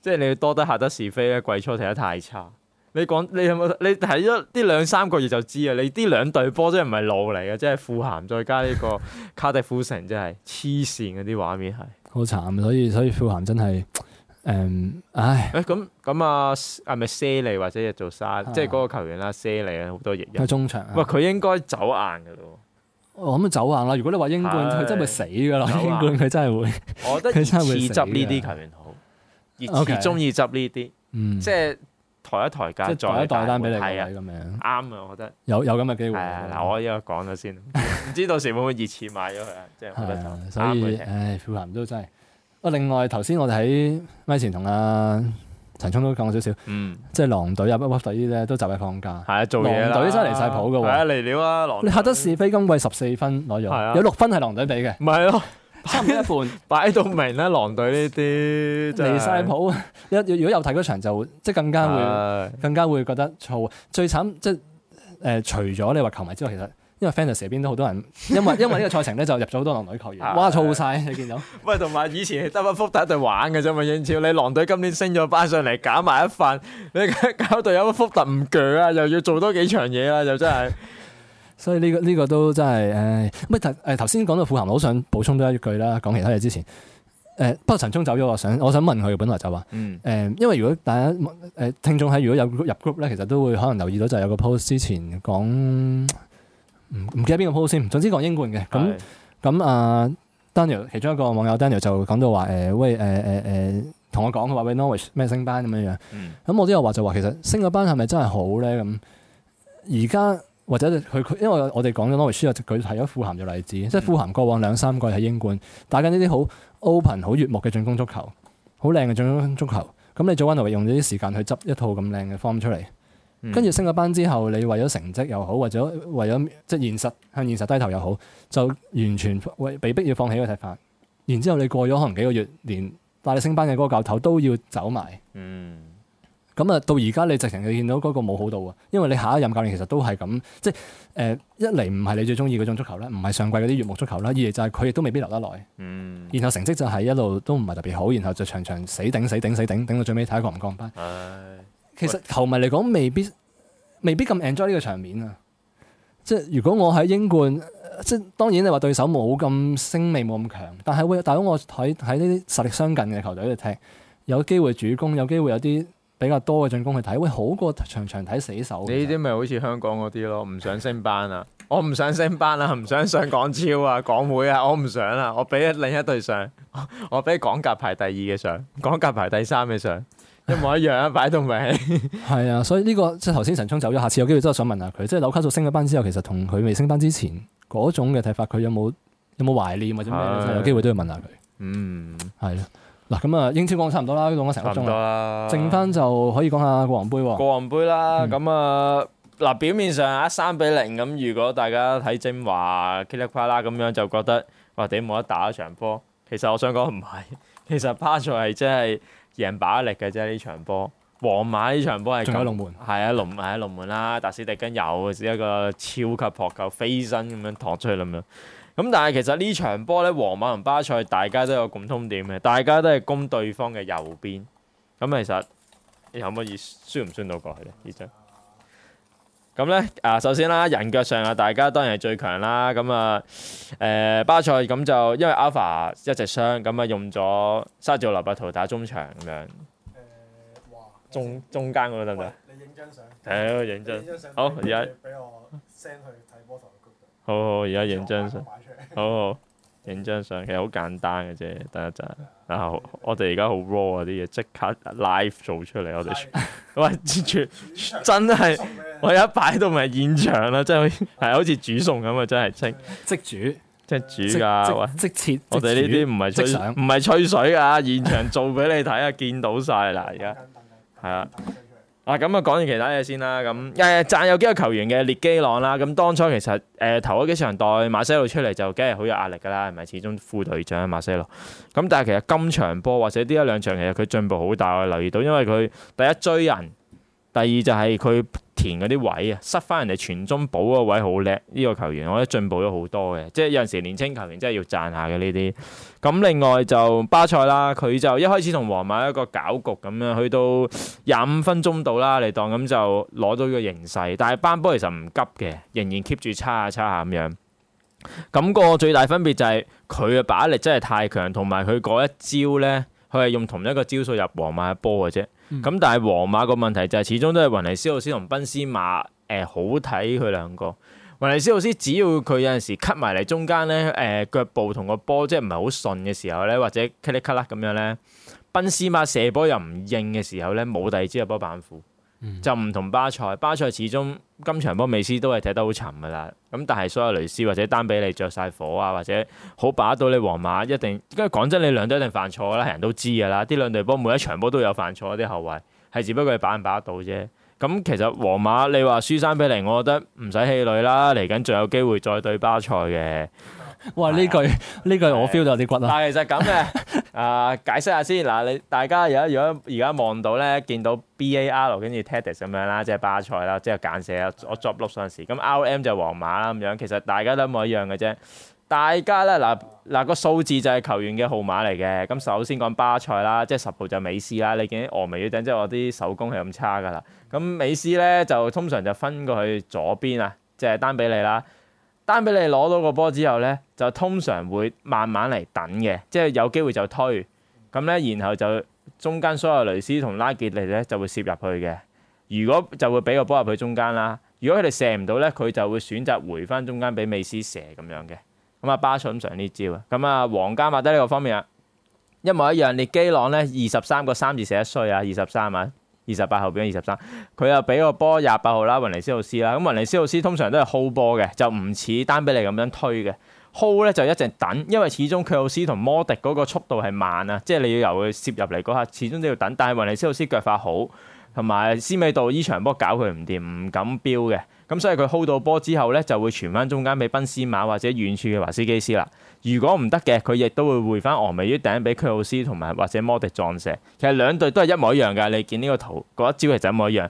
即係你要多得夏德士菲咧季初踢得太差。你講你有冇你睇咗呢兩三個月就知啊！你啲兩隊波真係唔係路嚟嘅，即係富咸再加呢個卡迪夫城真，真係黐線嗰啲畫面係好慘，所以所以富咸真係誒、嗯，唉，咁咁啊，係咪舍利或者做沙，即係嗰個球員阿舍利啊，好多日日中場，喂，佢應該走硬嘅咯，我諗都走硬啦。如果你話英冠佢真係死噶啦，英雷冠佢真係會，窩 我覺得佢熱刺執呢啲球員好，熱熱中意執呢啲，嗯，即係。抬一抬價，再帶一單俾你，係啊，咁樣，啱啊！我覺得有有咁嘅機會。嗱，我依家講咗先，唔知到時會唔會熱刺買咗佢啊？即係啱嘅。所以，唉，富咸都真係。另外頭先我哋喺咪前同阿陳聰都講少少，嗯，即係狼隊啊 b l a c 都就係放價。係啊，做狼隊真係離晒譜嘅喎。係啊，嚟料啊，狼，你嚇得是非今季十四分攞咗，有六分係狼隊俾嘅。唔係咯。差唔多一盤 擺到明啦，狼隊呢啲離曬譜啊！一 如果有睇嗰場就即係更加會 更加會覺得燥。最慘即係誒，除咗你話球迷之外，其實因為 fans 社邊都好多人，因為因為呢個賽程咧就入咗好多狼隊球員， 哇燥晒！你見到？喂，同埋以前得阿福特一隊玩嘅啫嘛，英超你狼隊今年升咗班上嚟，搞埋一份你搞到有阿福特唔鋸啊，又要做多幾場嘢啦，又真係。 所以呢個呢個都真係，誒，乜頭誒頭先講到富咸，我好想補充多一句啦。講其他嘢之前，誒，不過陳聰走咗，我想我想問佢，本來就話，誒、嗯，因為如果大家誒聽眾喺，如果有入 group 咧，其實都會可能留意到，就有個 post 之前講，唔唔記得邊個 post 先，總之講英冠嘅，咁咁啊 Daniel，其中一個網友 Daniel 就講到話，誒喂，誒誒誒，同、呃呃呃、我講佢話俾 Norwich 咩升班咁樣樣，咁、嗯、我都有話就話，其實升個班係咪真係好咧？咁而家。或者佢佢，因為我哋講咗《Louis》啊，就舉提咗富咸嘅例子，嗯、即係富咸過往兩三個月喺英冠打緊呢啲好 open、好悅目嘅進攻足球，好靚嘅進攻足球。咁你做運動員用咗啲時間去執一套咁靚嘅 form 出嚟，跟住升咗班之後，你為咗成績又好，或者為咗即係現實向現實低頭又好，就完全被逼要放棄嘅睇法。然之後你過咗可能幾個月，連帶你升班嘅嗰個教頭都要走埋。嗯。咁啊，到而家你直情你見到嗰個冇好到啊！因為你下一任教練其實都係咁，即係誒、呃，一嚟唔係你最中意嗰種足球啦，唔係上季嗰啲越位足球啦，二嚟就係佢亦都未必留得耐。嗯。然後成績就係一路都唔係特別好，然後就場場死頂死頂死頂，頂到最尾睇下降唔降班。哎。其實球迷嚟講，未必未必咁 enjoy 呢個場面啊！即係如果我喺英冠，即係當然你話對手冇咁聲味，冇咁強，但係會，但係我睇喺呢啲實力相近嘅球隊度踢，有機會主攻，有機會有啲。比較多嘅進攻去睇，喂，好過場場睇死手。你啲咪好似香港嗰啲咯，唔想升班啊， 我唔想升班啦，唔想上港超啊、港會啊，我唔想啦，我俾另一對上，我俾港甲排第二嘅上，港甲排第三嘅上，一模一樣啊，擺到明。係啊，所以呢、呢個即係頭先神衝走咗，下次有機會真係想問下佢，即係紐卡素升咗班之後，其實同佢未升班之前嗰種嘅睇法，佢有冇有冇懷念或者咩的？有機會都要問下佢。嗯，係啊。嗱咁啊，英超講差唔多啦，呢度講成個鐘啦，剩翻就可以講下國王杯喎。國王杯啦，咁啊、嗯，嗱、呃、表面上啊三比零咁，如果大家睇精華，噼里啪啦咁樣就覺得哇屌冇得打呢場波。其實我想講唔係，其實巴塞係真係贏把力嘅啫呢場波。皇馬呢場波係仲有龍門。係啊，龍係啊龍門啦，達斯迪根有隻一個超級撲球飛身咁樣攤出去咁樣。咁但係其實呢場波咧，皇馬同巴塞大家都有共通點嘅，大家都係攻對方嘅右邊，咁其實、哎、可唔可以輸唔輸到過去呢？呢真咁咧，啊帥、嗯、首先啦，人腳上啊，大家當然係最強啦，咁、嗯、啊，誒巴塞咁就因為阿爾法一直傷，咁啊用咗沙治奧拉柏圖打中場咁樣。喂中中間嗰度得唔得？你影張相。屌、哎，認真。影張相。好、哦，而家俾我 send 去睇波台 group 好好，而家影張相。好好，影張相其實好簡單嘅啫，等一陣，嗱，我哋而家好 raw 啊啲嘢，即刻 live 做出嚟，我哋喂，真係我一擺到唔係現場啦，即係係好似煮餸咁啊，真係即即煮，即煮噶，即切，我哋呢啲唔係吹唔係吹水噶，現場做俾你睇啊，見到晒啦，而家係啊。啊，咁、嗯、啊，講完其他嘢先啦。咁、嗯，誒，贊有幾個球員嘅列基朗啦。咁、嗯、當初其實，誒、嗯，頭幾場代馬西路出嚟就梗係好有壓力噶啦，係咪？始終副隊長馬西路。咁、嗯、但係其實今場波或者呢一兩場，其實佢進步好大，我留意到，因為佢第一追人，第二就係佢。填嗰啲位啊，塞翻人哋傳中補嗰位好叻，呢個球員我覺得進步咗好多嘅，即係有陣時年輕球員真係要讚下嘅呢啲。咁另外就巴塞啦，佢就一開始同皇馬一個攪局咁樣，去到廿五分鐘到啦嚟當咁就攞到個形勢，但係班波其實唔急嘅，仍然 keep 住叉下叉下咁樣。咁個最大分別就係佢嘅把握力真係太強，同埋佢嗰一招呢，佢係用同一個招數入皇馬一波嘅啫。咁但係皇馬個問題就係始終都係雲尼斯奧斯同賓斯馬誒、呃、好睇佢兩個，雲尼斯奧斯只要佢有陣時切埋嚟中間咧誒、呃、腳步同個波即係唔係好順嘅時候咧，或者咔啦咔啦咁樣咧賓斯馬射波又唔應嘅時候咧，冇第二支入波板斧。就唔同巴塞，巴塞始終今場波美斯都係踢得好沉噶啦。咁但係蘇亞雷斯或者丹比利着晒火啊，或者好把到你皇馬一定。因為講真，你兩隊一定犯錯啦，人都知噶啦。啲兩隊波每一場波都有犯錯，啲後衞係只不過係把唔把得到啫。咁其實皇馬你話輸三比零，我覺得唔使氣餒啦。嚟緊仲有機會再對巴塞嘅。哇！呢句呢句我 feel 到啲骨啊。但係其實咁嘅。 啊，uh，解釋下先。嗱，你大家而家如果而家望到咧，見到 BAR 跟住 Tedes 咁樣啦，即係巴塞啦，即係簡寫啊。 我作錄上時，咁 RM 就係皇馬啦咁樣。其實大家都冇一樣嘅啫。大家咧，嗱嗱個數字就係球員嘅號碼嚟嘅。咁首先講巴塞啦，即係十號就係美斯啦。你見峨眉要頂，即係我啲手工係咁差㗎啦。咁美斯咧就通常就分過去左邊啊，即係丹比利啦。分俾你攞到個波之後呢，就通常會慢慢嚟等嘅，即係有機會就推，咁呢，然後就中間所有雷斯同拉傑尼呢就會攝入去嘅。如果就會俾個波入去中間啦。如果佢哋射唔到呢，佢就會選擇回返中間俾美斯射咁樣嘅。咁啊巴塞通常呢招啊。咁啊皇家馬德里呢個方面啊，一模一樣。列基朗呢，二十三個三字寫一衰啊，二十三啊。二十八後邊二十三，佢又俾個波廿八號啦，雲尼斯奧斯啦。咁雲尼斯奧斯通常都係 hold 波嘅，就唔似丹比利咁樣推嘅。hold 咧就一直等，因為始終佢奧斯同摩迪嗰個速度係慢啊，即係你要由佢攝入嚟嗰下，始終都要等。但係雲尼斯奧斯腳法好，同埋斯美道呢場波搞佢唔掂，唔敢標嘅。咁所以佢 hold 到波之後咧，就會傳翻中間俾賓斯馬或者遠處嘅華斯基斯啦。如果唔得嘅，佢亦都會回翻俄美於頂俾區奧斯，同埋或者摩迪撞射。其實兩隊都係一模一樣嘅，你見呢個圖嗰一招係就一模一樣。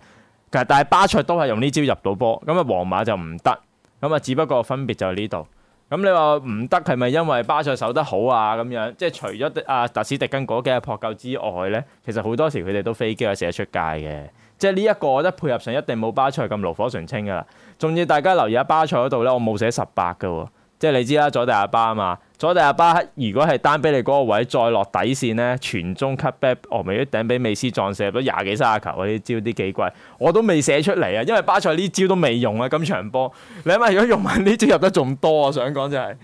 其實但係巴塞都係用呢招入到波，咁啊皇馬就唔得，咁啊只不過分別就喺呢度。咁你話唔得係咪因為巴塞守得好啊？咁樣即係除咗阿、啊、特史迪根嗰幾日撲救之外呢，其實好多時佢哋都飛機有成出界嘅。即係呢一個我覺得配合上一定冇巴塞咁爐火純青噶啦。仲要大家留意下巴塞嗰度咧，我冇寫十八嘅喎。即係你知啦，左地亞巴啊嘛，左地亞巴如果係單俾你嗰個位再落底線咧，全中 cutback 哦咪一頂俾美斯撞射入咗廿幾三十球啊！呢招啲幾貴，我都未寫出嚟啊，因為巴塞呢招都未用啊。今場波，你諗下如果用埋呢招入得仲多、啊、我想講就係、是，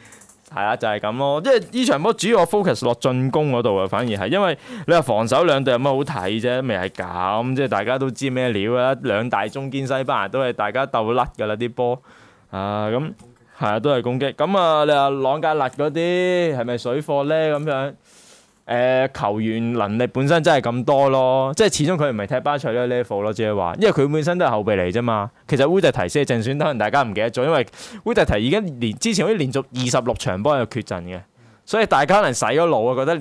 係啊，就係、是、咁咯。即係呢場波主要我 focus 落進攻嗰度啊，反而係，因為你話防守兩隊有乜好睇啫？未係咁，即係大家都知咩料啦。兩大中堅西班牙都係大家鬥甩噶啦啲波啊咁。係啊，都係攻擊咁啊、嗯！你話朗格勒嗰啲係咪水貨咧？咁樣誒、呃，球員能力本身真係咁多咯，即係始終佢唔係踢巴塞呢個 level 咯，只係話，因為佢本身都係後備嚟啫嘛。其實烏迪提先係正選，可能大家唔記得咗，因為烏迪提已經連之前嗰啲連續二十六場波佢缺陣嘅。所以大家可能洗咗腦啊，覺得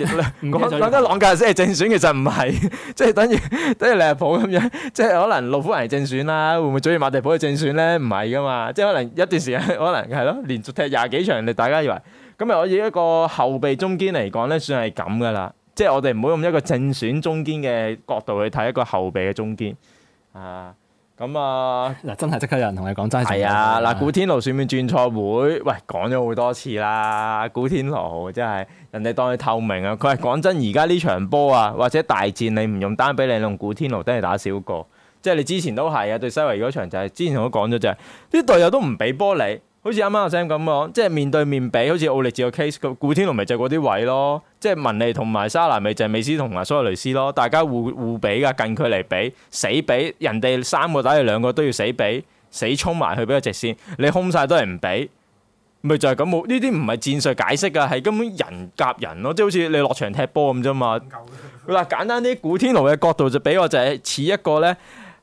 兩得兩屆先係正選，其實唔係， 即係等於等於利物浦咁樣，即係可能利夫人係正選啦，會唔會早住馬地普去正選咧？唔係噶嘛，即係可能一段時間可能係咯，連續踢廿幾場，你大家以為咁又我以一個後備中堅嚟講咧，算係咁噶啦，即係我哋唔好用一個正選中堅嘅角度去睇一個後備嘅中堅啊。咁啊嗱，真係即刻有人同你講真事。係啊，嗱、啊，啊、古天奴算唔算轉錯會？喂，講咗好多次啦。古天奴真係，人哋當你透明啊。佢係講真，而家呢場波啊，或者大戰，你唔用單比，你用古天奴都係打少個。即係你之前都係啊，對西維爾嗰場就係、是，之前我都講咗，就係啲隊友都唔俾波你。好似啱啱阿 Sam 咁講，即係面對面比，好似奧利治個 case，古天奴咪就係嗰啲位咯，即係文尼同埋沙拿咪就係美斯同埋蘇亞雷斯咯，大家互互比噶，近距離比，死比，人哋三個打你兩個都要死比，死衝埋去俾個直線，你空晒都係唔比，咪就係咁冇，呢啲唔係戰術解釋噶，係根本人夾人咯，即係好似你落場踢波咁啫嘛。好喇、嗯， 簡單啲，古天奴嘅角度就俾我就係似一個咧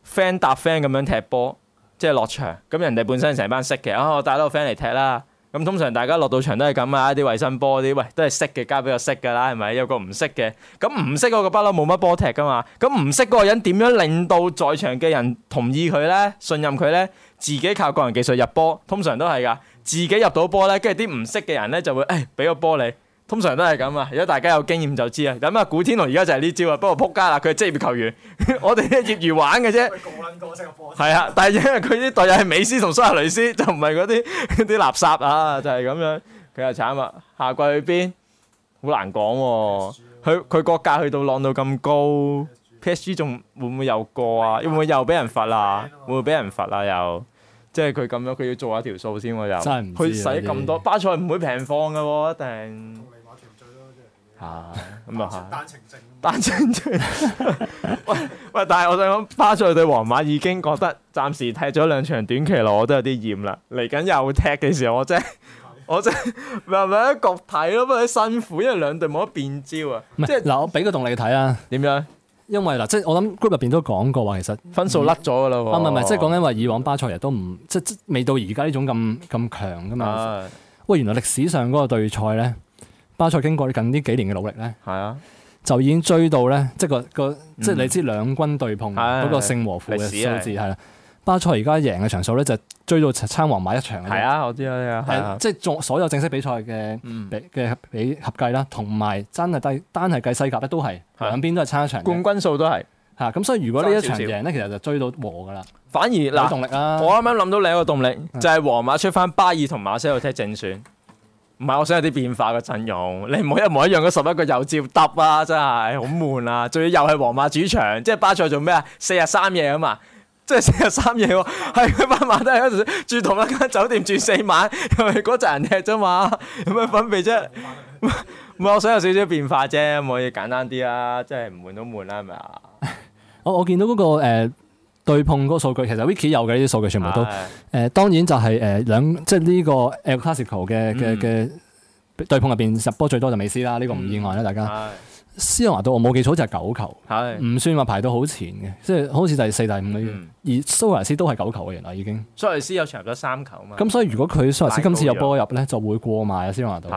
friend 搭 friend 咁樣踢波。即係落場，咁人哋本身成班識嘅，啊我帶多個 friend 嚟踢啦。咁通常大家落到場都係咁啊，啲衞生波啲，喂都係識嘅，交俾個識嘅啦，係咪？有個唔識嘅，咁唔識嗰個不嬲冇乜波踢噶嘛。咁唔識嗰個人點樣令到在場嘅人同意佢咧、信任佢咧？自己靠個人技術入波，通常都係噶。自己入到波咧，跟住啲唔識嘅人咧就會，誒、哎、俾個波你。通常都係咁啊！如果大家有經驗就知啊。咁啊，古天樂而家就係呢招啊。不過撲街啦，佢係職業球員， 我哋啲業餘玩嘅啫。係啊， 但係因為佢啲隊友係美斯同蘇亞雷斯，就唔係嗰啲啲垃圾啊，就係、是、咁樣。佢又慘啊。下季去邊好難講喎、哦。佢佢 PS G. 個價去到浪到咁高，PSG 仲 PS 會唔會有過啊？會唔會又俾人罰啊？ 會唔會俾人罰啊？又即係佢咁樣，佢要做下條數先喎。又真係唔佢使咁多巴塞唔會平放嘅喎、啊，一定。啊，咁啊，單程證，單程證。喂喂，但係我想講巴塞對皇馬已經覺得暫時踢咗兩場，短期內我都有啲厭啦，嚟緊又踢嘅時候我真係我真係咪咪局國睇咯，不過辛苦，因為兩隊冇得變招啊。即係嗱，我俾個動力你睇啊。點樣？因為嗱，即係我諗 group 入邊都講過話，其實分數甩咗㗎啦。啊唔係，唔係，即係講緊話以往巴塞亦都唔即即未到而家呢種咁咁強㗎嘛。喂，原來歷史上嗰個對賽咧。巴塞經過近呢幾年嘅努力咧，就已經追到咧，即係個個即係你知兩軍對碰嗰個勝和負嘅數字係啦。巴塞而家贏嘅場數咧就追到差皇馬一場。係啊，我知啊，即係所有正式比賽嘅嘅比合計啦，同埋真係低，單係計西甲咧都係兩邊都係差一場。冠軍數都係吓，咁所以如果呢一場贏咧，其實就追到和噶啦。反而有動力啊。我啱啱諗到另一個動力就係皇馬出翻巴爾同馬西奧踢正選。唔係，我想有啲變化嘅陣容，你唔好一模一樣嗰十一個又照揼啊！真係好悶啊！仲要又係皇馬主場，即係巴塞做咩啊？四日三,三夜啊嘛，即係四日三夜，係佢晚晚都係住同一間酒店住四晚，係嗰陣人踢啫嘛，有咩分別啫？唔係 我想有少少變化啫，可以簡單啲啊！即係唔悶都悶啦，係咪啊？ 我我見到嗰、嗰個誒。Uh 對碰嗰個數據其實 Wiki 有嘅呢啲數據全部都，誒當然就係誒兩即係呢個 El Clasico 嘅嘅嘅對碰入邊入波最多就美斯啦，呢個唔意外啦，大家。斯旺華都我冇記錯就係九球，唔算話排到好前嘅，即係好似就係四第五嘅。而蘇亞斯都係九球嘅人啦，已經。蘇亞斯有入咗三球啊嘛。咁所以如果佢蘇亞斯今次有波入咧，就會過埋阿斯旺華都。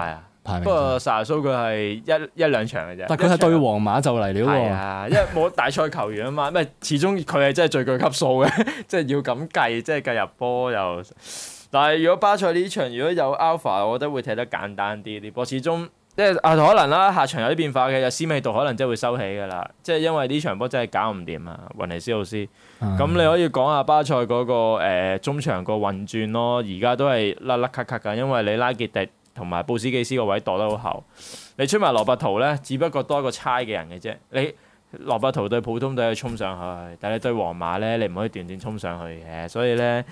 不過，沙蘇佢係一一兩場嘅啫。但佢係對皇馬就嚟了喎。係啊，因為冇大賽球員啊嘛，咩始終佢係真係最具級數嘅，即係要咁計，即係計入波又。但係如果巴塞呢場如果有 Alpha，我覺得會踢得簡單啲啲波。始終即係可能啦，下場有啲變化嘅，有思味道可能真係會收起噶啦。即係因為呢場波真係搞唔掂啊，雲尼斯老師。咁你可以講下巴塞嗰個誒中場個運轉咯。而家都係甩甩咳咳㗎，因為你拉傑迪。同埋布斯基斯個位度得好後，你出埋羅伯圖呢，只不過多一個差嘅人嘅啫。你羅伯圖對普通隊衝上去，但你對皇馬呢，你唔可以斷斷衝上去嘅。所以呢，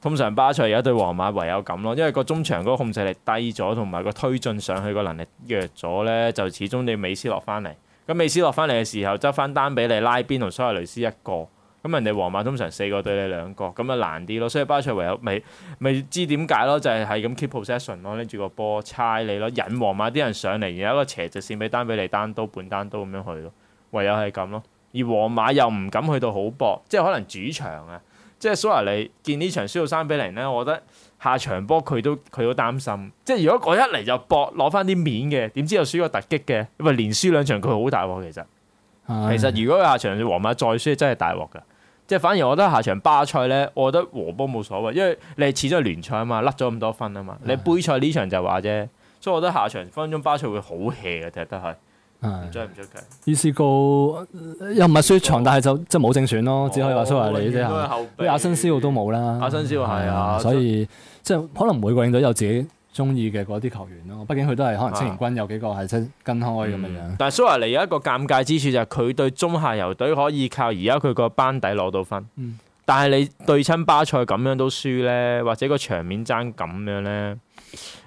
通常巴塞而家對皇馬唯有咁咯，因為個中場嗰個控制力低咗，同埋個推進上去個能力弱咗呢，就始終你美斯落翻嚟。咁美斯落翻嚟嘅時候，執翻單俾你拉邊同蘇亞雷斯一個。咁人哋皇馬通常四個對你兩個，咁啊難啲咯。所以巴塞唯有咪咪知點解咯，就係係咁 keep possession 咯，拎住個波猜你咯，引皇馬啲人上嚟，然後一個斜直線俾丹比利，單刀、半單刀咁樣去咯。唯有係咁咯。而皇馬又唔敢去到好搏，即係可能主場啊。即係所以你見呢場輸到三比零咧，我覺得下場波佢都佢都擔心。即係如果我一嚟就搏，攞翻啲面嘅，點知又輸個突擊嘅，咁咪連輸兩場佢好大鑊其實。是的 其實如果下場皇馬再輸，真係大鑊噶。即係反而，我覺得下場巴塞咧，我覺得和波冇所謂，因為你係始終聯賽啊嘛，甩咗咁多分啊嘛，你杯賽呢場就話啫，所以我覺得下場分鐘巴塞會好 hea 嘅踢得係，嗯，出唔出嘅？伊斯高的又唔係雪藏，但係就即係冇正選咯，哦、只可以話蘇亞雷斯啫，哦、阿新斯奧都冇啦，阿新斯奧係啊，所以即係可能每個人都有自己中意嘅嗰啲球員咯，畢竟佢都係可能青年軍有幾個係跟開咁嘅樣、啊。嗯、但係蘇華尼有一個尷尬之處就係佢對中下游隊可以靠而家佢個班底攞到分，嗯、但係你對親巴塞咁樣都輸呢，或者個場面爭咁樣呢，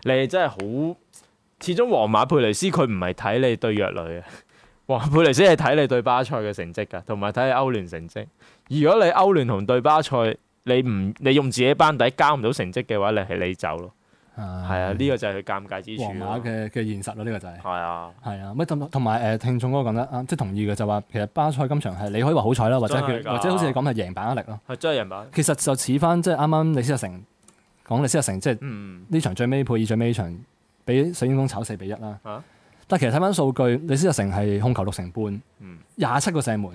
你真係好始終。皇馬佩雷斯佢唔係睇你對弱旅嘅，皇馬佩雷斯係睇你對巴塞嘅成績㗎，同埋睇歐聯成績。如果你歐聯同對巴塞，你唔你用自己班底交唔到成績嘅話，你係你走咯。係啊，呢、這個就係佢尷尬之處嘅嘅現實咯。呢、這個就係、是。係啊的，係啊，同埋誒聽眾嗰個講得啱，即、就、係、是、同意嘅就話，其實巴塞今場係你可以話好彩啦，或者佢或者好似你講係贏把握力咯。係真係贏把握力。其實就似翻即係啱啱李斯特城講李斯特城，即係呢場最尾配以最尾場，俾水晶宮炒四比一啦、啊。但其實睇翻數據，李斯特城係控球六成半，廿七、嗯、個射門，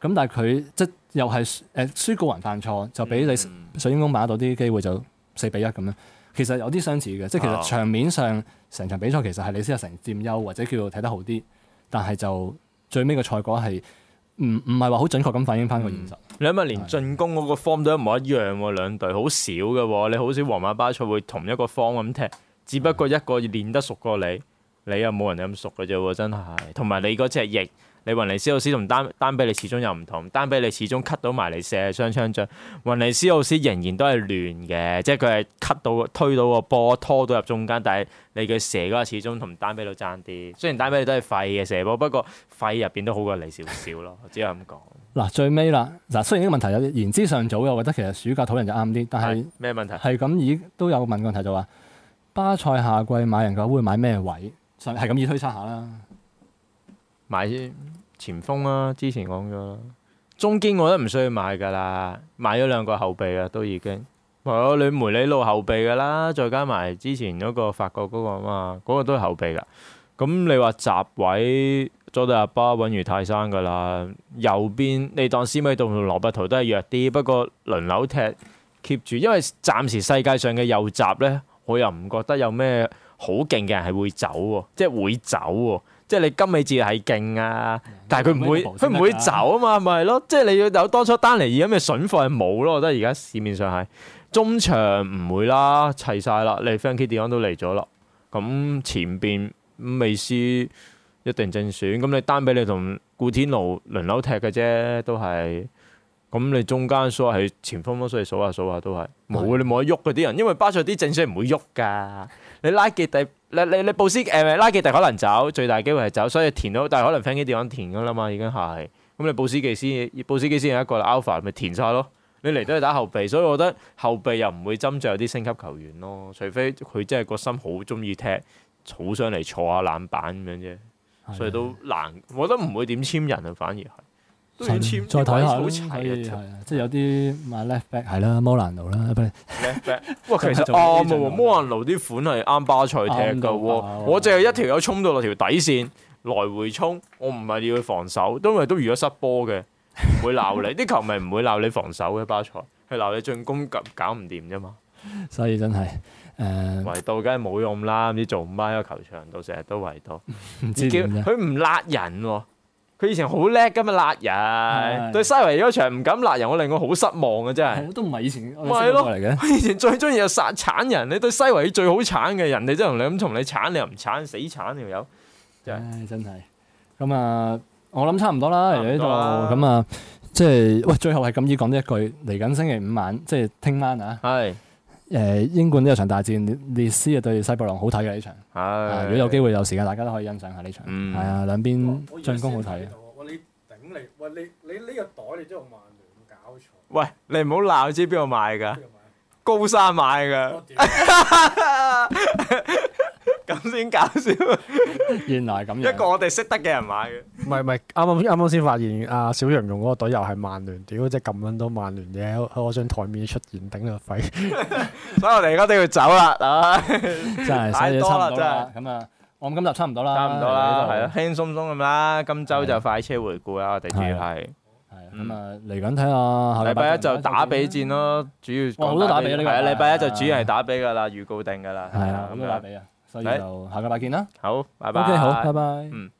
咁但係佢即又係誒舒高雲犯錯，就俾你水晶宮把握到啲機會就四比一咁樣。其實有啲相似嘅，即係其實場面上成場比賽其實係你先亞成佔優或者叫做睇得好啲，但係就最尾個賽果係唔唔係話好準確咁反映返個現實、嗯。你諗下，連進攻嗰個 form 都唔一,一樣喎，兩隊好少嘅喎。你好少皇馬巴塞會同一個 form 咁踢，只不過一個練得熟過你，你又冇人咁熟嘅啫喎，真係。同埋你嗰隻翼。你雲尼斯奧斯同丹丹比利始終又唔同，丹比利始終 cut 到埋你射雙槍將，雲尼斯奧斯仍然都係亂嘅，即係佢係 cut 到推到個波，拖到入中間，但係你嘅蛇嗰下始終同丹比利爭啲，雖然丹比利都係廢嘅射波，不過廢入邊都好過你少少咯，只係咁講。嗱 最尾啦，嗱雖然呢個問題有啲言之尚早，我覺得其實暑假討論就啱啲，但係咩問題？係咁以都有問個問題就話巴塞夏季買人嘅話會買咩位？係咁要推測下啦。買前鋒啦、啊，之前講咗啦，中堅我都唔需要買噶啦，買咗兩個後備啦，都已經，我、哦、呂梅里路後備噶啦，再加埋之前嗰個法國嗰、那個啊嘛，嗰、那個都係後備噶。咁、嗯、你話閘位左度阿巴穩如泰山噶啦，右邊你當斯米度同羅拔圖都係弱啲，不過輪流踢 keep 住，因為暫時世界上嘅右閘呢，我又唔覺得有咩好勁嘅人係會走喎，即係會走喎。即係你今尾治係勁啊，但係佢唔會佢唔會走啊嘛，咪係咯。即係你要有多出單嚟，而家咩筍貨係冇咯。我覺得而家市面上係中場唔會啦，砌晒啦，你 Frenkie de Jong 都嚟咗啦。咁前邊未輸一定正選，咁你單俾你同顧天奴輪流踢嘅啫，都係。咁你中間數係前鋒多數係數下數下都係冇，你冇得喐嗰啲人，因為巴塞啲正選唔會喐噶。你拉結底。你你你布斯誒、呃、拉傑特可能走，最大機會係走，所以填到但係可能 Frankie 點樣填噶啦嘛已經係，咁你布斯基斯布斯基斯有一個 Alpha 咪填晒咯，你嚟到係打後備，所以我覺得後備又唔會針對有啲升級球員咯，除非佢真係個心好中意踢，好上嚟坐下冷板咁樣啫，所以都難，是的 我覺得唔會點簽人啊，反而係。都再睇下，好睇，即係有啲 left back 係啦，摩蘭奴啦，left back。哇， 其實哦冇、啊、摩蘭奴啲款係啱巴塞踢噶，我淨係一條友衝到落條底線，來回衝，我唔係要防守，因係都如果失波嘅，會鬧你啲 球迷，咪唔會鬧你防守嘅巴塞，係鬧你進攻搞唔掂啫嘛。所以真係誒，圍、呃、到梗係冇用啦，唔知做乜喺球場度成日都圍到，叫佢唔甩人。佢以前好叻噶嘛，辣人，的對西維嗰場唔敢辣人，我令我好失望啊！真係，都唔係以前，咪係咯，我，的我的以前最中意就殺鏟人，你對西維最好鏟嘅，人你真係咁同你鏟，你又唔鏟，死鏟條友。唉、哎，真係，咁啊，我諗差唔多啦，呢度，咁啊，即係，喂，最後係咁意講呢一句，嚟緊星期五晚，即係聽晚啊。誒，英冠呢場大戰，列斯啊，對西布朗好睇嘅呢場，的如果有機會有時間，大家都可以欣賞下呢場，係啊、嗯、兩邊進攻好睇。喂你頂你，喂你你呢個袋你邊度買？唔搞錯。喂你唔好鬧，知邊度買㗎？高山買㗎。點 咁先搞笑，原來咁樣一個我哋識得嘅人買嘅，唔係唔係，啱啱啱啱先發現阿小羊用嗰個隊又係曼聯，屌即係撳撚到曼聯嘅，喺我上台面出現頂你個肺，所以我哋而家都要走啦，真係太多啦，真係咁啊！我諗今日差唔多啦，差唔多啦，係咯，輕鬆鬆咁啦，今週就快車回顧啦，我哋主要係係咁啊，嚟緊睇下禮拜一就打比戰咯，主要我都打比啊，係啊，禮拜一就主要係打比噶啦，預告定噶啦，係啊，咁都打比啊。所以就下個禮拜見啦。好，拜拜。好，拜拜。嗯。